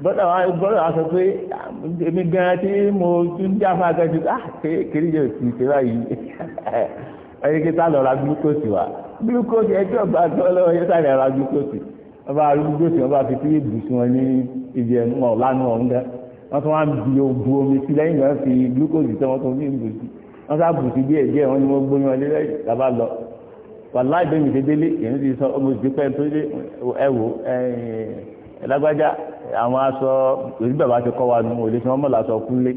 gbọ́dọ̀ wá gbọ́dọ̀ wá sọ pé èmi gan tí mo tún já fún akẹ́kọ̀ọ́ ah kiri yóò sì ṣe báyìí ẹni kí sáà lọ ra glucose wa glucose ẹjọ́ bá tọ́ lọ́wọ́ yẹn sáà lọ ra glucose wọ́n bá ra glucose wọ́n bá fi tí ibùsùn wọn ní ibi ẹnu wọn lánàá ọ̀hún gan wọ́n tún wá ń bi òbu omi sí lẹ́yìn náà fi glucose tẹ́ wọ́n tún fi ń bù sí wọ́n sá bù sí díẹ̀ díẹ̀ wọ́n ni wọ́n gbóyún ọdẹ lẹ́yìn lábá lọ wàláì bẹ́ẹ̀ mi ṣe èmi ti sọ ọmọ ìdípẹ́ tó dé ẹ̀wò ẹ̀yìn lágbájá àwọn aṣọ òbí bàbá ti kọ́ wa nu òde tí wọ́n mọ̀ lásọ kúlé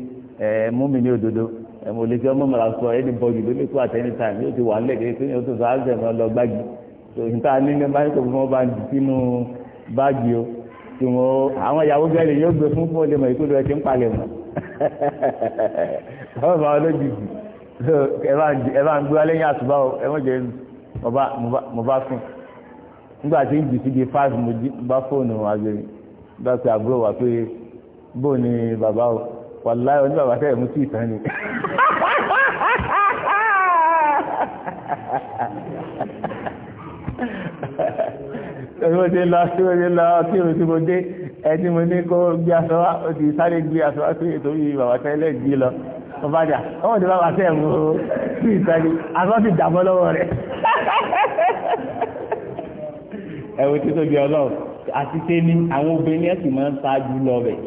ẹ̀ mú mi ní òdodo ẹ̀ mọ̀ òde tí wọ́n mọ̀ lásọ ẹni bọ́ọ̀lù ló lè kó at any time yóò ti wà nílẹ̀ kékeré kékeré tó sọ àṣẹ mi lọ gbági tòyìntà ní ní báyìí kò fún wọn bá ń dì sínú báàgì o tí wọn àwọn ìyàwó gẹ́lẹ̀ yóò gbé fún fún olèmọ̀ ìkúlù ẹ̀ ti ń palẹ̀ mọ́ ọmọ bàbá lójijì ẹ bá ń gbé alẹ́ yín àtúbà o ẹ mọ̀ jẹ́ mo bá sùn nígbà tí ń jù síbi five mo bá fóònù àgbèrè dọ́kítà àbúrò wà pé bó ni bàbá o wàláyé oní bàbá tẹ̀ mú sí ìtàn ni. ẹ̀rọ ti lọ sí orí lọ kí o ti mo dé ẹni mo ní kó gbé aṣọ wá o ti sáré gbé aṣọ wá sí ètò yìí bàbá tẹ́lẹ̀ gbé lọ ọba jà ọmọdé bàbá tẹ̀ mú sí ìtàn ni aṣọ ti dàbọ̀ lọ́wọ́ rẹ̀. ẹ̀wọ̀ tí tóbi ọlọ́run àti sẹ́ni àwọn obìnrin ẹ̀sìn máa ń ṣáájú lọ bẹ̀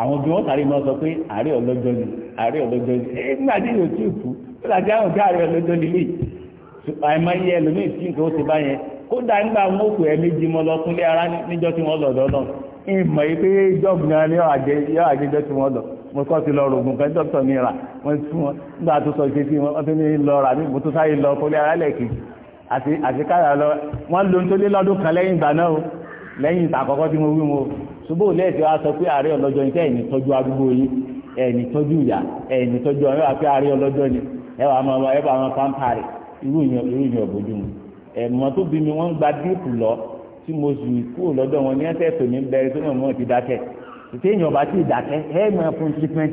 àwọn obìnrin wọn sáré máa sọ pé àárẹ̀ ọlọ́jọ́ ni àárẹ̀ ọlọ́jọ́ ni ẹ nígbà tí yóò tí ò kú ó láti àwọn òkè àárẹ̀ ọlọ́jọ́ ni lè àìmọ iye ẹlòmíì tí nǹkan ó ti bá yẹn kódà nígbà wọn ó kù ẹ méjì mọ lọ kúnlé ara níjọ́ tí wọ́n lọ lọ́nà ìmọ̀ yìí pé jọ́ọ̀bù náà ni yóò àjẹjọ́ tí wọ́n lọ mo kọ́ ti lọ rògùn kan dókítà mi rà wọ́n fún wọn nígbà tó sọ ìṣesí wọn wọ́n tún ní lọ rà mí mo tún sáyé lọ kúnlé ara lẹ́ẹ̀kejì àti àṣekára lọ wọ́n lo tó lé lọ́dún kan lẹ́yìn ìgbà náà o lẹ́yìn ìta àkọ́kọ́ tí mo wí mo ṣùgbọ́n lẹ́ẹ̀tì wá sọ pé ààrẹ ọlọ́jọ́ ní tẹ́ẹ̀ni tọ́jú arúgbó yìí ẹ̀ẹ̀ni tọ́jú ìyá ẹ̀ẹ̀ni tọ́jú ọ̀rẹ́ wà pé ààrẹ ọlọ́jọ́ ni ẹwà àwọn ẹwà àwọn pàǹpà rẹ̀ irú ìyàn òbójú mu ẹ̀mọ́ tó bí mi wọ́n gba díìpù lọ tí mo sì kúrò lọ́dọ̀ wọn ní ẹsẹ̀ tó ní bẹ̀rẹ̀ tó náà ti dákẹ́ ìtẹ́ èèyàn bá ti dákẹ́ ẹ̀ẹ́mọ̀ fún treatment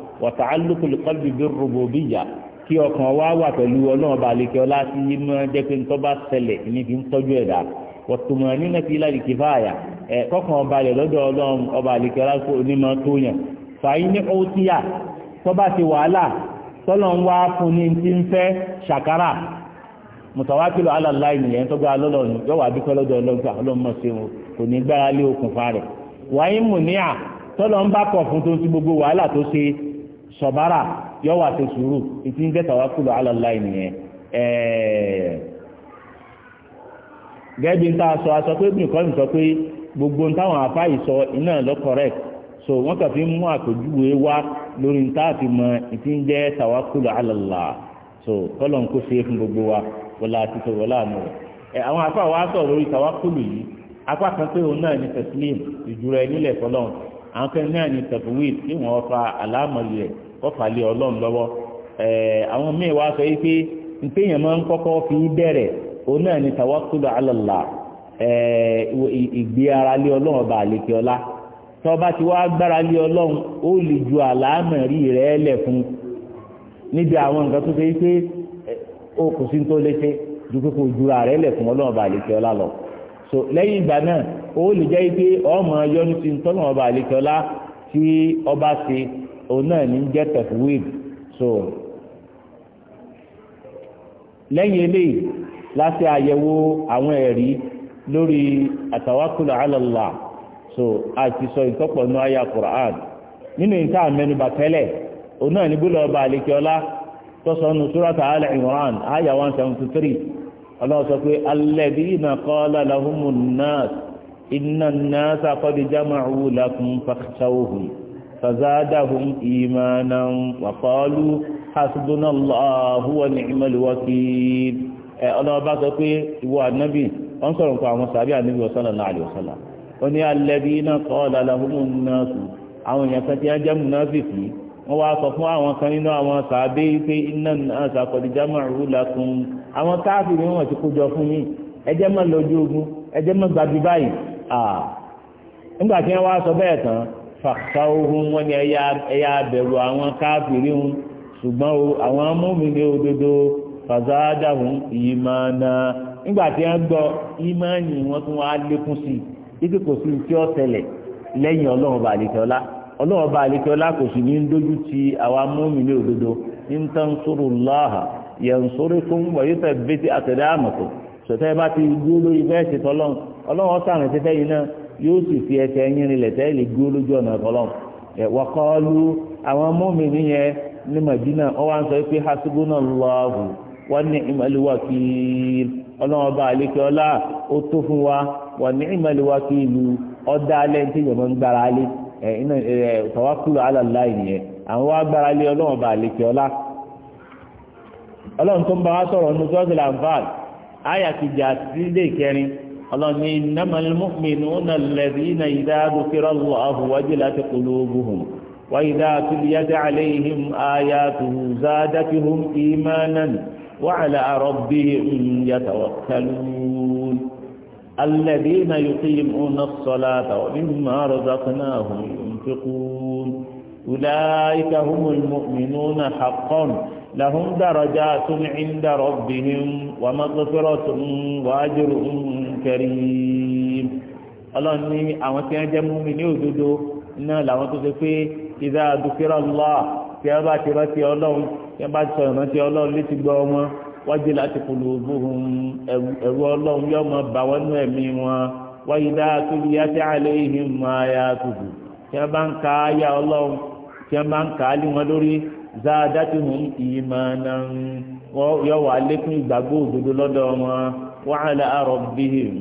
wàtàálùkù lùkọ́lù bí rògbòbíyà kí ọkàn wa wà pẹ̀lú ọlọ́run ọba àlekè ọlá tí yìí máa jẹ́ pé ntọ́ bá ṣẹlẹ̀ ní fi ń tọ́jú ẹ̀dá wọ̀tùmọ̀ nínú ti láti kìfáàyà ẹ̀ kọ́kàn ọba rẹ̀ lọ́dọ̀ ọlọ́run ọba àlekè ọlá kó onímọ̀ tó yàn fàáyín ní ọ́tíyà tọ́ bá ti wàhálà tọ́lọ̀ wá fún ní ti ń fẹ́ ṣàkárà mùtàwákìlọ alàláì nìyẹn tó sọ̀bárà yọ wà ṣe sùúrù ìtí ń jẹ́ tawakkulu ala Allah nìyẹn gẹ́gẹ́ bí n ta sọ aṣọ pé bí nǹkan sọ pé gbogbo n táwọn afá ìsọ iná lọ correct so wọ́n kàn fi mú àpèjúwe wá lórí nta àti mọ ìtí ń jẹ́ tawakkulu ala Allah so kọ́lọ̀ ń kó ṣe é fún gbogbo wa wọlá àti tó wọlá àmì àwọn afá wa sọ lórí tawakkulu yìí apá kan pé òun náà ní tẹ̀sílìm ìjùrọ̀ ẹ̀ nílẹ̀ kọ́lọ̀ àwọn kan náà ní tẹ̀fúwìt tí wọ́n fa àlámọ̀lẹ̀ kọ́fàlẹ́ ọlọ́run lọ́wọ́ àwọn míì wá sọ wípé ntẹ́yìn máa ń kọ́kọ́ fi bẹ̀rẹ̀ òun náà ni ara lé ọlọ́run ọba àlekè ọlá tọ́ba ti wá gbára lé ọlọ́run ó lè ju rẹ̀ lẹ̀ fún níbi àwọn nǹkan tó ṣe ó kò ọba lọ òun náà ní jẹ́ tẹ̀fúwìd so lẹ́yìn eléyìí láti àyẹ̀wò àwọn ẹ̀rí lórí àtàwákùlù alàlá so àti sọ ìtọ́pọ̀ ní àyà Qur'an nínú ìta àmẹnubà tẹ́lẹ̀ òun náà ní gbọ́dọ̀ ọba àlekíọ́lá tọ́sọ̀nù súrátà Al-Imran àyà 173 ọlọ́wọ́ sọ pé alladhina qala lahumun nas inna an-nasa qad jama'u lakum fakhshawhum فزادهم إيمانا وقالوا حسبنا الله ونعم الوكيل ọlọ́ọ̀bá sọ pé ìwọ ànábì wọ́n sọ̀rọ̀ nǹkan àwọn sàbí ànábì sallallahu alaihi wasallam ó ní alladhina qala lahumun nasu àwọn èèyàn kan tí wọ́n jẹ́ mùnáfìkì wọ́n wá sọ fún àwọn kan nínú àwọn sàbí pé inna nasa qad jama'u lakum àwọn káàfìrí wọn ti kójọ fún yín ẹ jẹ́ má ogun ẹ jẹ́ gbàgbé báyìí nígbà tí wọ́n wá sọ bẹ́ẹ̀ tán fàkàwòhùn wọn ni ẹ̀yà abẹ̀rù àwọn káfìrí hun ṣùgbọ́n àwọn amúmìnir òdodo fàzádàhùn ìmọ̀ọ́nà nígbà tí wọ́n gbọ́ ìmọ̀ọ́nì wọn tún wá lékún sí i títí kò sí tí ó ṣẹlẹ̀ lẹ́yìn ọlọ́run bàlẹ́kẹ́ọ́lá ọlọ́run kò ní dójú ti àwọn amúmìnir òdodo in tansurullaha yansurukum wa yuthabbit aqdamakum sọ̀tẹ́ yóò sì fi ẹsẹ̀ yín rinlẹ̀ tẹ́lẹ̀ gbé lójú ọ̀nà ọ̀tọ̀lọ́ ẹ̀ wọ́kọ́ọ́lù àwọn mọ́mìnì yẹn ní Madina wọ́n wá ń sọ pé hasbunallahu wa ni'mal wakil ọlọ́mọba àlekẹ́ ọlá ó tó fún wa ọ̀dà alẹ́ ń gbára lé ala àwọn wá gbára lé tó قالوا إنما المؤمنون الذين إذا ذكر الله وجلت قلوبهم وإذا تليت عليهم آياته زادتهم إيمانا وعلى ربهم يتوكلون الذين يقيمون الصلاة ومما رزقناهم ينفقون أولئك هم المؤمنون حقاً لهم درجات عند ربهم ومغفرة وأجر كريم ọlọ́run ní àwọn tí wọ́n jẹ́ múmi ní òdodo náà làwọn tó ṣe pé ìdá àdúkìrọ̀ lọ́ tí wọ́n bá ti rántí ọlọ́run tí wọ́n bá ti sọ̀rọ̀ rántí ọlọ́run létí gbọ́ wọn wájú láti kúlù bóhùn ẹ̀rù ọlọ́run yóò mọ bà wọ́n nú ẹ̀mí wọn wáyé dá tóbi yá sí àlẹ́ ìhìn mọ́ ayá tòbù tí wọ́n bá ń ka ayá ọlọ́run tí wọ́n bá ń kà á lé wọn lórí zadatuhum imanan yọ wà lékún ìgbàgbọ́ òdodo lọ́dọ̀ wọn wa ala rabbihim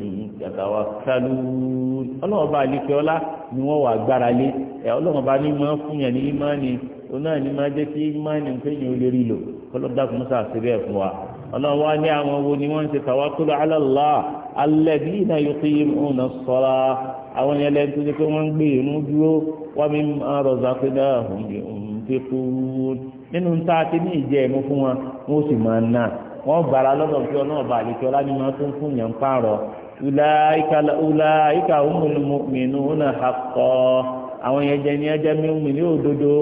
yatawakkalun ọlọ́wọ́n bá àlífẹ́ ọlá ni wọ́n wà gbára lé ẹ̀ ọlọ́wọ́n bá ní máa fún yẹn ní ìmánì onáà ní máa jẹ́ kí ìmánì nkéyìn ó lè rí lò kọ́lọ́dàkùn musa síbẹ̀ fún wa ọlọ́wọ́ ní àwọn wo ni wọ́n ń ṣe tawakkulu ala Allah alladhina yuqimuna as-salah àwọn yẹn lẹ́nu tó ṣe pé wọ́n ń gbé ìrun dúró wa mimma razaqnahum yunfiqun nínú tá a ti ní ìjẹ́ ẹ̀mú fún wọn wọ́n sì máa ná wọ́n bára lọ́dọ̀ tí ọlọ́run bá àlejò ọlámi máa tó ń fún yàn ń pààrọ̀ ulaika humul mu'minuna haqqan àwọn yẹn jẹ́ ní ẹjẹ́ mímú ní òdodo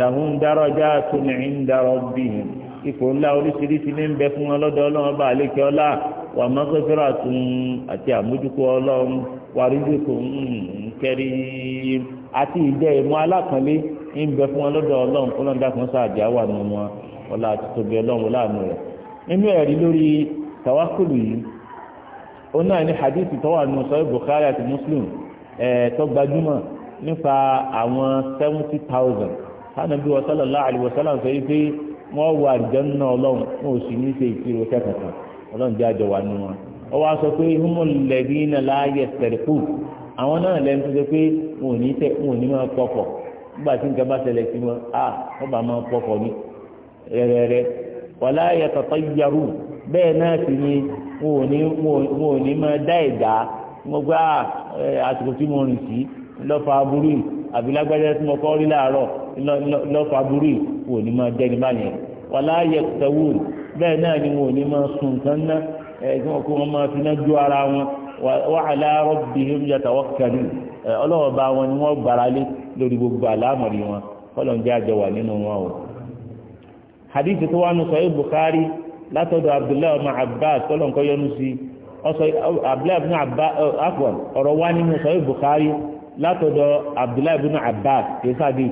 lahum darajatun 'inda rabbihim ipò ńlá oríṣiríṣi ní ń bẹ fún wọn lọ́dọ̀ ọlọ́run bá àlejò ọlá wà mọ́kẹ́fẹ́rà tún àti àmójúkú ọlọ́run wà ń kẹrí àti ìjẹ́ ìmú alákànlé ń bẹ fún wọn lọ́dọ̀ ọlọ́run kó lọ́dà kan sáàdì àwà nù wọn ọlá àtúntòbí ọlọ́run láàánú rẹ̀ nínú ẹ̀rí lórí tàwákùlù yìí ó náà ní hadithi tó wà nù sọ́yìn Bukhari àti Muslim ẹ̀ tó gbajúmọ̀ nípa àwọn seventy thousand hànàbí sallallahu alaihi wasallam sọ yìí pé wọ́n wọ àlùjánnà ọlọ́run wọn ò sì ní ṣe ìṣirò kẹ́kọ̀ọ́ ọlọ́run jẹ́ àjọ wà nù wọn ó wá sọ pé humul ladina la yasriqun àwọn náà lẹ́nu tó ṣe pé wọn ò ní tẹ wọn ò ní máa pọ̀pọ̀ nígbà tí nǹkan bá ṣẹlẹ̀ sí wọn a ah, wọ́n bá máa pọkọ̀ ní rẹ́rẹ́rẹ́ wàlá ayẹtọ̀tọ̀ yarú bẹ́ẹ̀ náà sì ni wọn ò ní wọn ò ní máa dá ẹ̀dá mo gbá ah, àsìkò tí mo rìn sí lọ́fà aburú yìí àbí lágbájá tí mo kọ́ rí láàárọ̀ lọ́fà aburú yìí wọn ò ní máa dẹ́ni báyẹn wàlá ayẹtọ̀wò bẹ́ẹ̀ náà ni wọn ò ní máa sùn nǹkan ná ẹ̀ tí wọn kó wọn máa fi náà jó ara wọn wa ala rabbihim yatawakkalun ọlọ́wọ́ bá wọn ni wọ́n gbára lé lórí gbogbo àlámọ̀rí wọn kọ́lọ̀ ń jẹ́ àjọ wà nínú wọn o. hadith tó wà nù sahih Bukhari látọ̀dọ̀ Abdullahi ọmọ Abbas kọ́lọ̀ ń kọ́ yọnu sí ọsọ Abdullahi ibn Abbas afwan ọ̀rọ̀ wá nínú sahih Bukhari látọ̀dọ̀ Abdullahi ibn Abbas kẹsàdì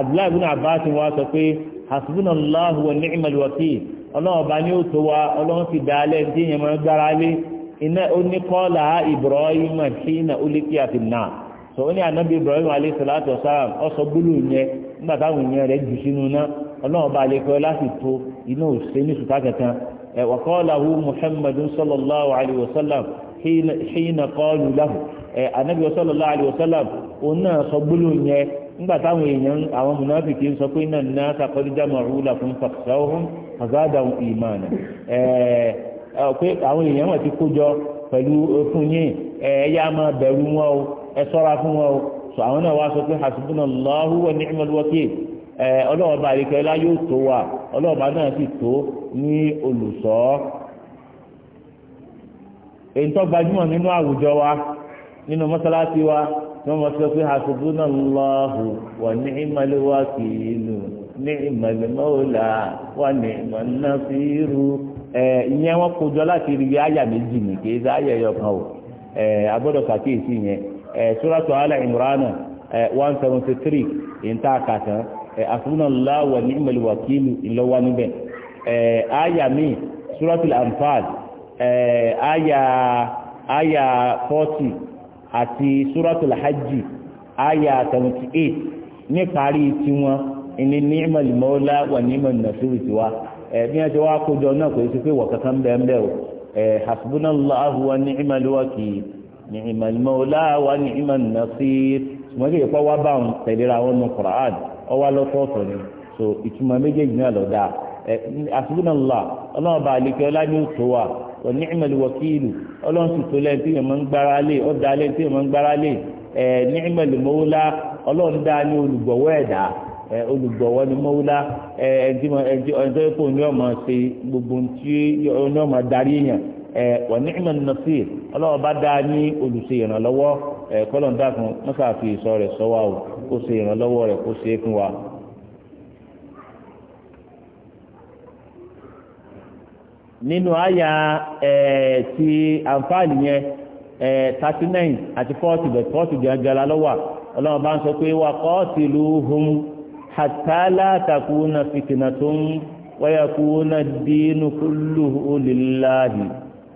Abdullahi ibn Abbas wá sọ pé hasbunallahu wa ni'mal wakil ọlọ́wọ́ bá ní ó tó wa ọlọ́wọ́ ti dá alẹ́ iná oníkọ́lá ibrahim kína olíkíyà ti nà sọ ó ní ànábì ibrahim alayhi salatu wasalam ọsọ gbólù yẹn nígbà táwọn èèyàn rẹ̀ jù sínú náà ọlọ́run bá lè kọ́ láti tó iná òṣèlú ní sùtá kankan ẹ̀ wàkọ́láhu muhammadu sallallahu alayhi wa sallam kína kọ́ọ̀lù láhù ẹ̀ ànábì sallallahu alayhi wa sallam òun náà sọ gbólù yẹn nígbà táwọn àwọn munafiki pé àwọn èèyàn wọn ti kójọ pẹ̀lú eh, fún yín ẹ̀yà máa bẹ̀rù wọn o ẹ fún wọn o sọ àwọn náà wá sọ pé hasbunallahu wa ni'mal wakeel ọlọ́ọ̀ba àríkẹ́lá yóò tó wa ọlọ́ọ̀ba náà sì tó ní olùsọ́ èyí tó gbajúmọ̀ nínú àwùjọ wa nínú mọ́sálásí wa tí wọ́n sọ pé wa ni'mal wakeel ni'mal ìyẹn wọn kojọ láti rí àyà méjì ní kì í sá àyà ẹyọ kan o agbọ́dọ̀ kàkíyèsí yẹn suratu ala imran one seventy three ìta àkàtàn àfúnàlá wà ní ìmọ̀lúwàkílù ìlọ́wà níbẹ̀ àyà míì suratul anfal àyà àyà forty àti suratul hajj àyà seventy eight níparí tiwọn ìní ní ìmọ̀lúmọ́lá wà ní ìmọ̀lúwàkílù tiwa ẹ̀mí ẹ̀jẹ̀ wa kójọ náà kò sí pé wọ̀ kankan bẹ́ẹ̀ bẹ́ẹ̀ o ẹ̀ hasbunallahu wa ni'mal wakil ni'mal mawla wa ni'man nasir ṣùgbọ́n kí ìpá wá bá òun tẹ̀léra wọn nu Qur'an ọwá lọ́tọ̀ọ̀tọ̀ ni so ìtumọ̀ méjèèjì náà lọ dáa ẹ hasbunallah ọlọ́run bá àlekẹ́ ọlá ní òtò wa wa ni'mal wakil ọlọ́run sì tó lẹ́yìn tí yẹn máa ń gbára lé ọ̀dà lẹ́yìn tí yẹn máa ń gbára lé ẹ ni'mal mawla ọlọ́run dáa ní olùgbọ̀wọ́ ẹ̀dá olùgbọ̀wọ́ ni mọ́wúlá ẹ̀ńtọ́yẹ́pọ̀ ní ọmọ ṣe gbogbo tí ní ọmọ darí èèyàn wọ́n ní ìmọ̀ nínú sí ọlọ́wọ́ bá ní olùṣe ìrànlọ́wọ́ kọ́lọ̀ ń dàkún mọ́sàáfi ìsọ rẹ̀ sọ o kó ṣe ìrànlọ́wọ́ rẹ̀ kó ṣe é fún wa. nínú àyà ti àǹfààní yẹn thirty nine àti forty forty gangan lọ́wọ́ hatta la takuna fitnatun wa yakuna ad-dinu kulluhu lillahi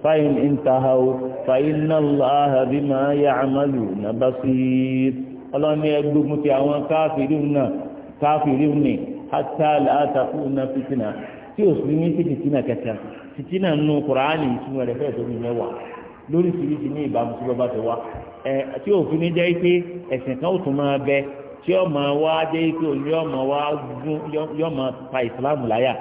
fa in intahaw fa inna allaha bima ya'maluna basir ọlọ́ni ẹgbógun ti àwọn káfíìrì náà káfíìrì ní hatta la takuna fitna tí o sì ní sí fìtínà kẹta fìtínà nù kùránì ìtumọ̀ rẹ̀ fẹ́ẹ̀ tó ní mẹ́wàá lóríṣiríṣi ní ìbámu sí bọ́bá ti wá ẹ̀ tí òfin ní jẹ́ pé ẹ̀sìn kan ò tún máa bẹ́ẹ̀ tí ọmọ wa dé ike òní ọmọ wa gún yọmọ pa ìsìlámù láyà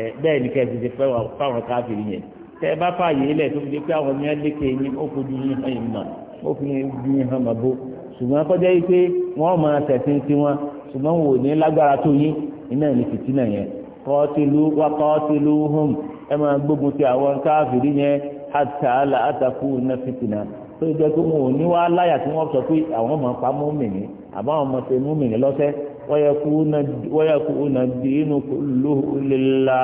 ẹ bẹ́ẹ̀ ni kẹ́ ẹ ti ti fẹ́ fáwọn káfíìn yẹn tẹ ẹ bá fààyè ilẹ̀ tó fi di pé àwọn yẹn lékè yín ó fojú yín hàn yín mà ó fi yín hàn mà bó ṣùgbọ́n kọjá yìí pé wọ́n mọ ṣẹ̀sìn tiwọn ṣùgbọ́n wò ní lágbára tó yín iná ní fìtínà yẹn kọ́ọ̀tìlú wá kọ́ọ̀tìlú hùm ẹ máa gbógun ti àwọn káfíìn yẹn àtàlà àtàkù náà fìtínà tó jẹ́ pé wọn ò ní wá láyà tí wọ́n sọ pé àwọn ọmọ pamọ́ mìíràn àbáwọn ọmọ tẹ mú mi ní lọ́sẹ̀ wọ́yẹ kú ọ̀nà dínú ló lélá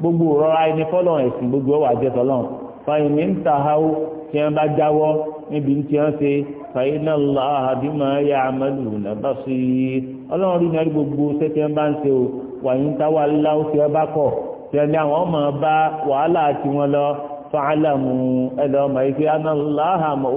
gbogbo rọra ẹni fọ́lọ́ ẹ̀sìn gbogbo ọwọ́ àjẹ tọ́lọ́n fàyìn mi ń ta hao tí wọ́n bá jáwọ́ níbi tí wọ́n ṣe fàyìn náà lọ àdìmọ̀ ẹ̀yà amẹ́lù nàbà sí i ọlọ́run rí nàrí gbogbo ṣẹ́ tí bá ń ṣe o wàyín táwa láwọ́ tí wọ́n bá kọ̀ tí wọ́n ní àwọn ọmọ bá wàhálà tiwọn lọ fàálàmù ẹlọ́mọ ìfẹ́ análáhàmọ́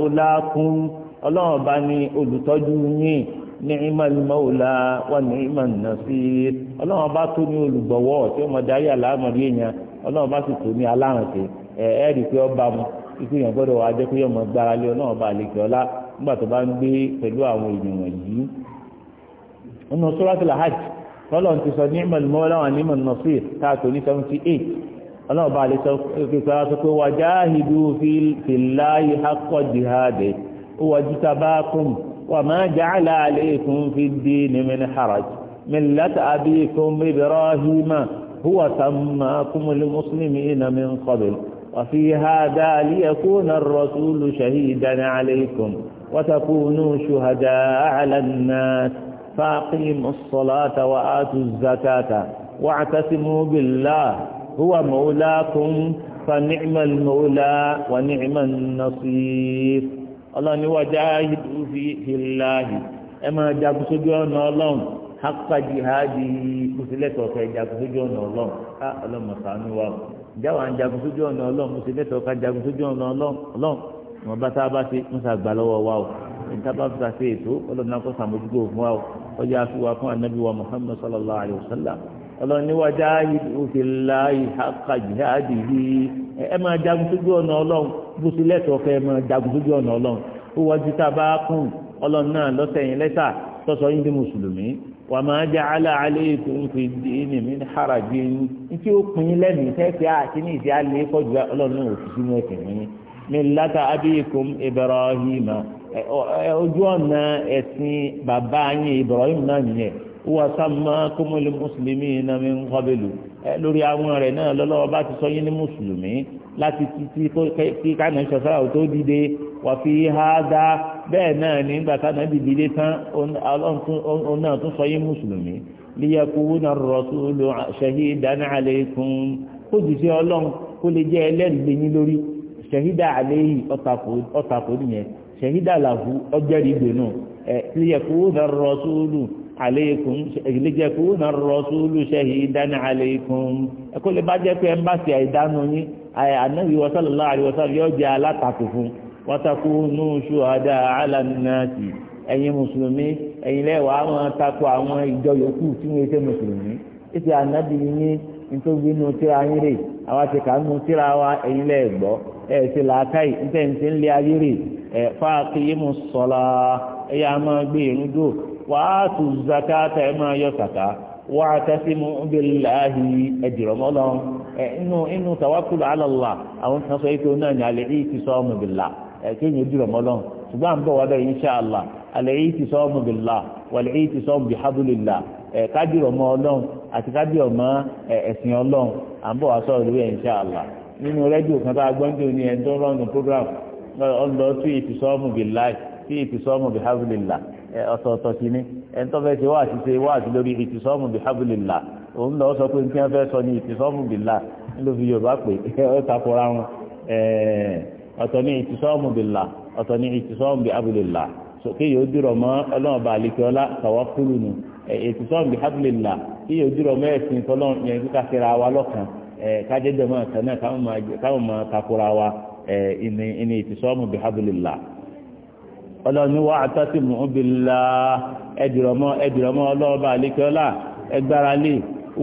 ọlọ́run bá ní olùtọ́jú yín n'ime mawla wa ni'man nasir ọlọ́run bá tó ní olùgbọ̀wọ́ tí ó mọ darí àlámọ̀rí èèyàn ọlọ́run bá sì tó ní alárànṣe ẹ rí i pé ọba mu ikú yẹn gbọ́dọ̀ wá jẹ́ pé yọmọ gbára lé ọlọ́run bá lè gbọ́lá nígbà tó bá ń gbé pẹ̀lú àwọn hajj ti sọ وما جعل عليكم في الدين من حرج ملة أبيكم إبراهيم هو سماكم المسلمين من قبل وفي هذا ليكون الرسول شهيدا عليكم وتكونوا شهداء على الناس فأقيموا الصلاة وآتوا الزكاة واعتصموا بالله هو مولاكم فنعم المولى ونعم النصير ọlọ́run ní wajahidu fillahi ẹ máa jagun sójú ọ̀nà ọlọ́run haqqa jihadi mùsùlẹ́tọ̀ ọ̀kẹ́ jagun sójú ọ̀nà ọlọ́run ká ọlọ́run mọ̀sánú wa o ìjáwá ń jagun sójú ọ̀nà ọlọ́run mùsùlẹ́tọ̀ ọ̀ká jagun sójú ọ̀nà ọlọ́run wọn bá tá a bá ṣe ń ṣàgbà lọ́wọ́ wa o níta bá fi ṣàṣe ètò ọlọ́run náà kó sàmójúgbò fún wa o ọjà àfiwá fún anabi wa muhammad sallallahu alayhi wa sallam ọlọ́run ní wajahidu fillahi haqqa jihadi yìí ẹ máa jagun sójú ọ̀nà ọlọ́run bó ti lẹ́tọ̀ọ́ fẹ́ máa jagun sójú ọ̀nà ọlọ́run ó wájú tá a bá kún ọlọ́run náà lọ́sẹ̀ yẹn lẹ́tà tọ́sọ yín di mùsùlùmí wà máa ja'ala alaykum fi dini ó pin àti ní ìdí alẹ́ kọjú ọlọ́run náà òfin sínú ibrahim ojú ọ̀nà ẹ̀sìn bàbá ibrahim náà nìyẹn sá lórí àwọn rẹ̀ náà lọ́lọ́wọ́ bá ti sọ yín ní mùsùlùmí láti títí kí káàmì ṣọ̀ṣọ́ra ò tó dìde wà fi há dá bẹ́ẹ̀ náà ní ìgbà káàmì dìde tán òun náà tún sọ yín mùsùlùmí liyakuna ar-rasulu shahidan alaykum kó jùsí ọlọ́run kó lè jẹ́ ẹlẹ́rìí yín lórí ṣahida alayhi ọ̀tàkùn nìyẹn ṣahida làhù ọjẹ́rìí gbẹ̀ náà liyakuna ar-rasulu aleikum ìlẹ́jẹ̀kú náà rọ́súlù ṣẹ́hìn ìdáná aleikum ẹ̀kọ́ lè bá jẹ́ pé ẹ̀ ń bá àìdánù yín yóò jẹ́ alátakò fún nù mùsùlùmí lẹ́wàá takò àwọn ìjọ yòókù tí wọ́n ṣe mùsùlùmí ètò ànábì ní nítorí inú tíra yín rè àwa ti kà ń tíra wa ẹ̀yin lẹ́gbọ́ ẹ̀yà máa gbé wàátù zakata ẹ máa yọ sàká wa'tasimu billahi ẹ̀dìrọ̀mọ́ lọ ẹ inú inú tawakkul ala àwọn kan sọ ètò náà ní alẹ́ yìí ti sọ ọmọ bìlá ẹ kéèyàn ẹ̀dìrọ̀mọ́ lọ ṣùgbọ́n à ń bọ̀ wá bẹ́ẹ̀ Allah alẹ́ yìí ti sọ ọmọ bìlá wàlẹ́ yìí ti sọ ọmọ bihabulillah ẹ kádìrọ̀mọ́ ọlọ́run a ọ̀tọ̀ọ̀tọ̀ sí ni ẹni tó fẹ́ ṣe wá àti ṣe wá àti lórí ìtìsọ́mù bí hábìlìlà òun lọ sọ pé nǹkan ẹ fẹ́ sọ ní ìtìsọ́mù bìlà ló fi yorùbá pé ó takora wọn ọ̀tọ̀ ní ìtìsọ́mù bìlà ọ̀tọ̀ ní ìtìsọ́mù bí hábìlìlà sókè yóò dúró mọ́ ọlọ́run bá àlekẹ́ ọlá tàwákùlù ni ìtìsọ́mù bí hábìlìlà kí yóò dúró mọ́ ẹ̀sìn tọ́lọ́run yẹn kíkà síra wa lọ́kàn kájẹ́jọ́ mọ́ ọ̀tọ̀ náà káwọn máa takora wa ìní ìtìsọ́mù bí hábìlìlà ọlọ́ni wá àtọ́sí mùúbìlá ẹdìrọ̀mọ́ ẹdìrọ̀mọ́ ọlọ́ọ̀bá àlékọ́lá ẹgbára lè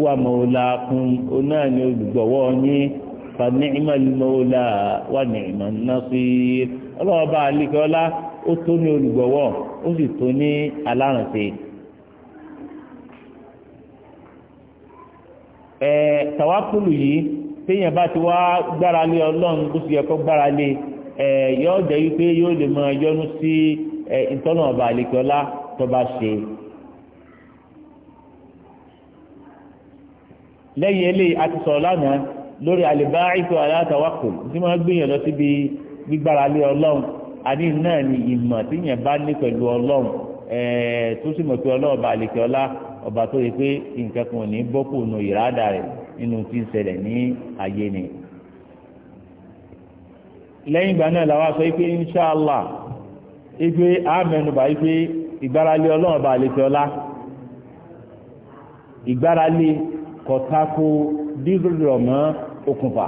wà mọ̀ọ́lá kún oná olùgbọ̀wọ́ yín fani'ma ọlọ́ọ̀bá àlékọ́lá ó tó ní olùgbọ̀wọ́ ó sì tó ní alárànṣe. ẹ yìí téèyàn bá ti wá gbára lé ọlọ́run yọ jẹ́ wípé yóò lè máa yọnu sí ìtọ́nà ọba àlekọ́lá tó bá ṣe. lẹ́yìn eléyìí a ti sọ̀rọ̀ lánàá lórí àlèbá ìtò aláàtàwákò tí wọ́n gbìyànjú lọ síbi gbígbára lé ọlọ́run àní náà ni ìmọ̀ tí yẹn bá ní pẹ̀lú ọlọ́run tó sì mọ̀ pé ọlọ́run ọba àlekẹ́ ọlá ọba tó yẹ pé nǹkan kan ò ní bọ́kù nù ìrádà rẹ̀ nínú tí ń ṣẹlẹ̀ ní ayé ni. lẹ́yìn ìgbà náà làwọn sọ pé inṣàlá ipe amẹnubà ipe ìgbáralé ọlọ́run bá àlejò ọlá ìgbáralé kọ̀tàkó dídúrọ̀ mọ́ okùnfà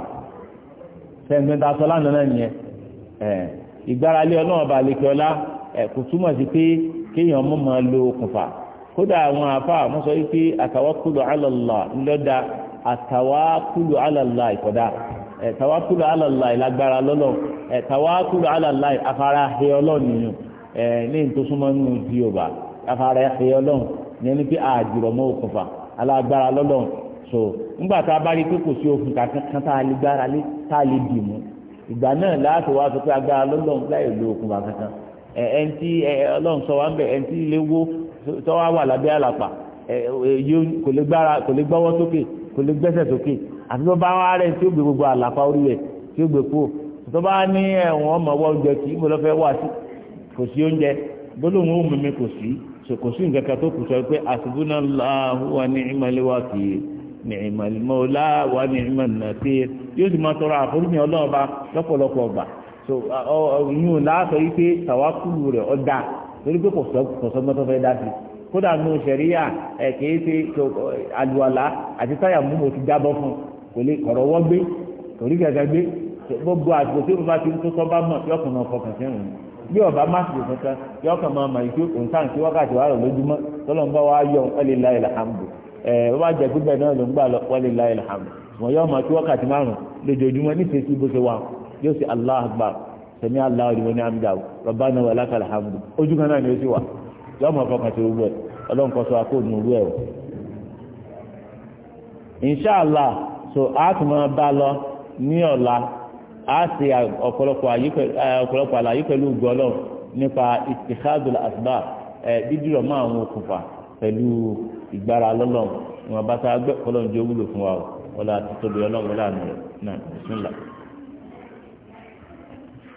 ọ sọ lánàá náà nìyẹn ọlọ́run bá àlejò ọlá kò túmọ̀ sí pé kéèyàn mọ́ máa lo okùnfà kódà àwọn afa ńlọ́dà tawakulu alalai lágbára lọ́lọ́ tawakulu alalai afárá he ọlọ́ọ̀nìyàn ní ntòsúnmọ́ nínú ti yorùbá afárá he ọlọ́ọ̀n yẹn ni pé àjùrọ̀ mọ́ òkùnfà alágbára so ńgbà tá a bá rí pé kò sí òfin kankan tá a lè gbára lé tá a lè dì mú ìgbà náà láti wá sọ pé agbára láì lo òkùnfà kankan sọ wá léwó wà lábẹ́ àlàpà kò kò lè gbẹ́sẹ̀ sókè àti tó bá wá rẹ̀ tí ó gbé gbogbo àlàfà orí rẹ̀ tí ó gbé kú tó bá ní ẹ̀wọ̀n ọmọ ọwọ́ oúnjẹ kì í mo lọ fẹ́ wá sí kò sí oúnjẹ gbólóhùn ó mímí kò sí kò sí nǹkan kan tó kù sọ pé àṣìbúnáláhùn wa ní ìmọ̀lẹ́wà kì í ní ìmọ̀lẹ́mọ́lá wa ní ìmọ̀lẹ́nàtìr yóò sì máa tọrọ àforíjì ọlọ́ọ̀ba lọ́pọ̀lọpọ̀ ọgbà so ìyún láàtọ̀ yìí pé tàwákùlù rẹ̀ ọ̀dà torí pé kò sọ mọ́tò fẹ́ dá sí i kódà nù sẹ̀ríyà ẹ̀ kìí ṣe àlùwàlà àti táyà mú mo ti jábọ́ fún kò lè kọ̀rọ̀ wọ́ gbé torí gẹ́gẹ́ gbé gbogbo àsìkò tí o bá ti tó tọ́ bá mọ̀ yọ kàn máa fọkàn sí òun bí ọba má sì kankan yọ kàn máa mọ̀ ìfi òun tá à ń ṣe wákàtí wàhálà lójúmọ́ tọ́lọ́ ń bá wa yọ wálé láyé làhàmù ẹ̀ ó bá jẹ́ pípẹ́ náà ló ń gbà lọ wálé láyé làhàmù wọ́n yọ ọmọ tí wákàtí márùn lójoojúmọ́ nífẹ̀ẹ́ sí bó ṣe wà yóò ṣe Allahu Akbar sami Allahu liman hamdahu rabbana wa ojú kan náà ni ó sì wà yọ ọmọ fọkàn sí gbogbo ẹ̀ ọlọ́nkọ́sọ akóòdùn rú ẹ̀ o inṣàlá so a tún máa bá lọ ní ọ̀la a ṣe ọ̀pọ̀lọpọ̀ àlàyé pẹ̀lú gbọ́lọ̀ nípa ìtìkádùn àtìbá ẹ̀ dídúrọ̀ mọ́ àwọn òkùnfà pẹ̀lú ìgbára lọ́lọ́ wọn bá tá a gbẹ́ kọ́lọ́ ń jẹ́ wúlò fún wa o wọ́n lọ àti tóbi ọlọ́run láàánú rẹ̀ náà bismillah.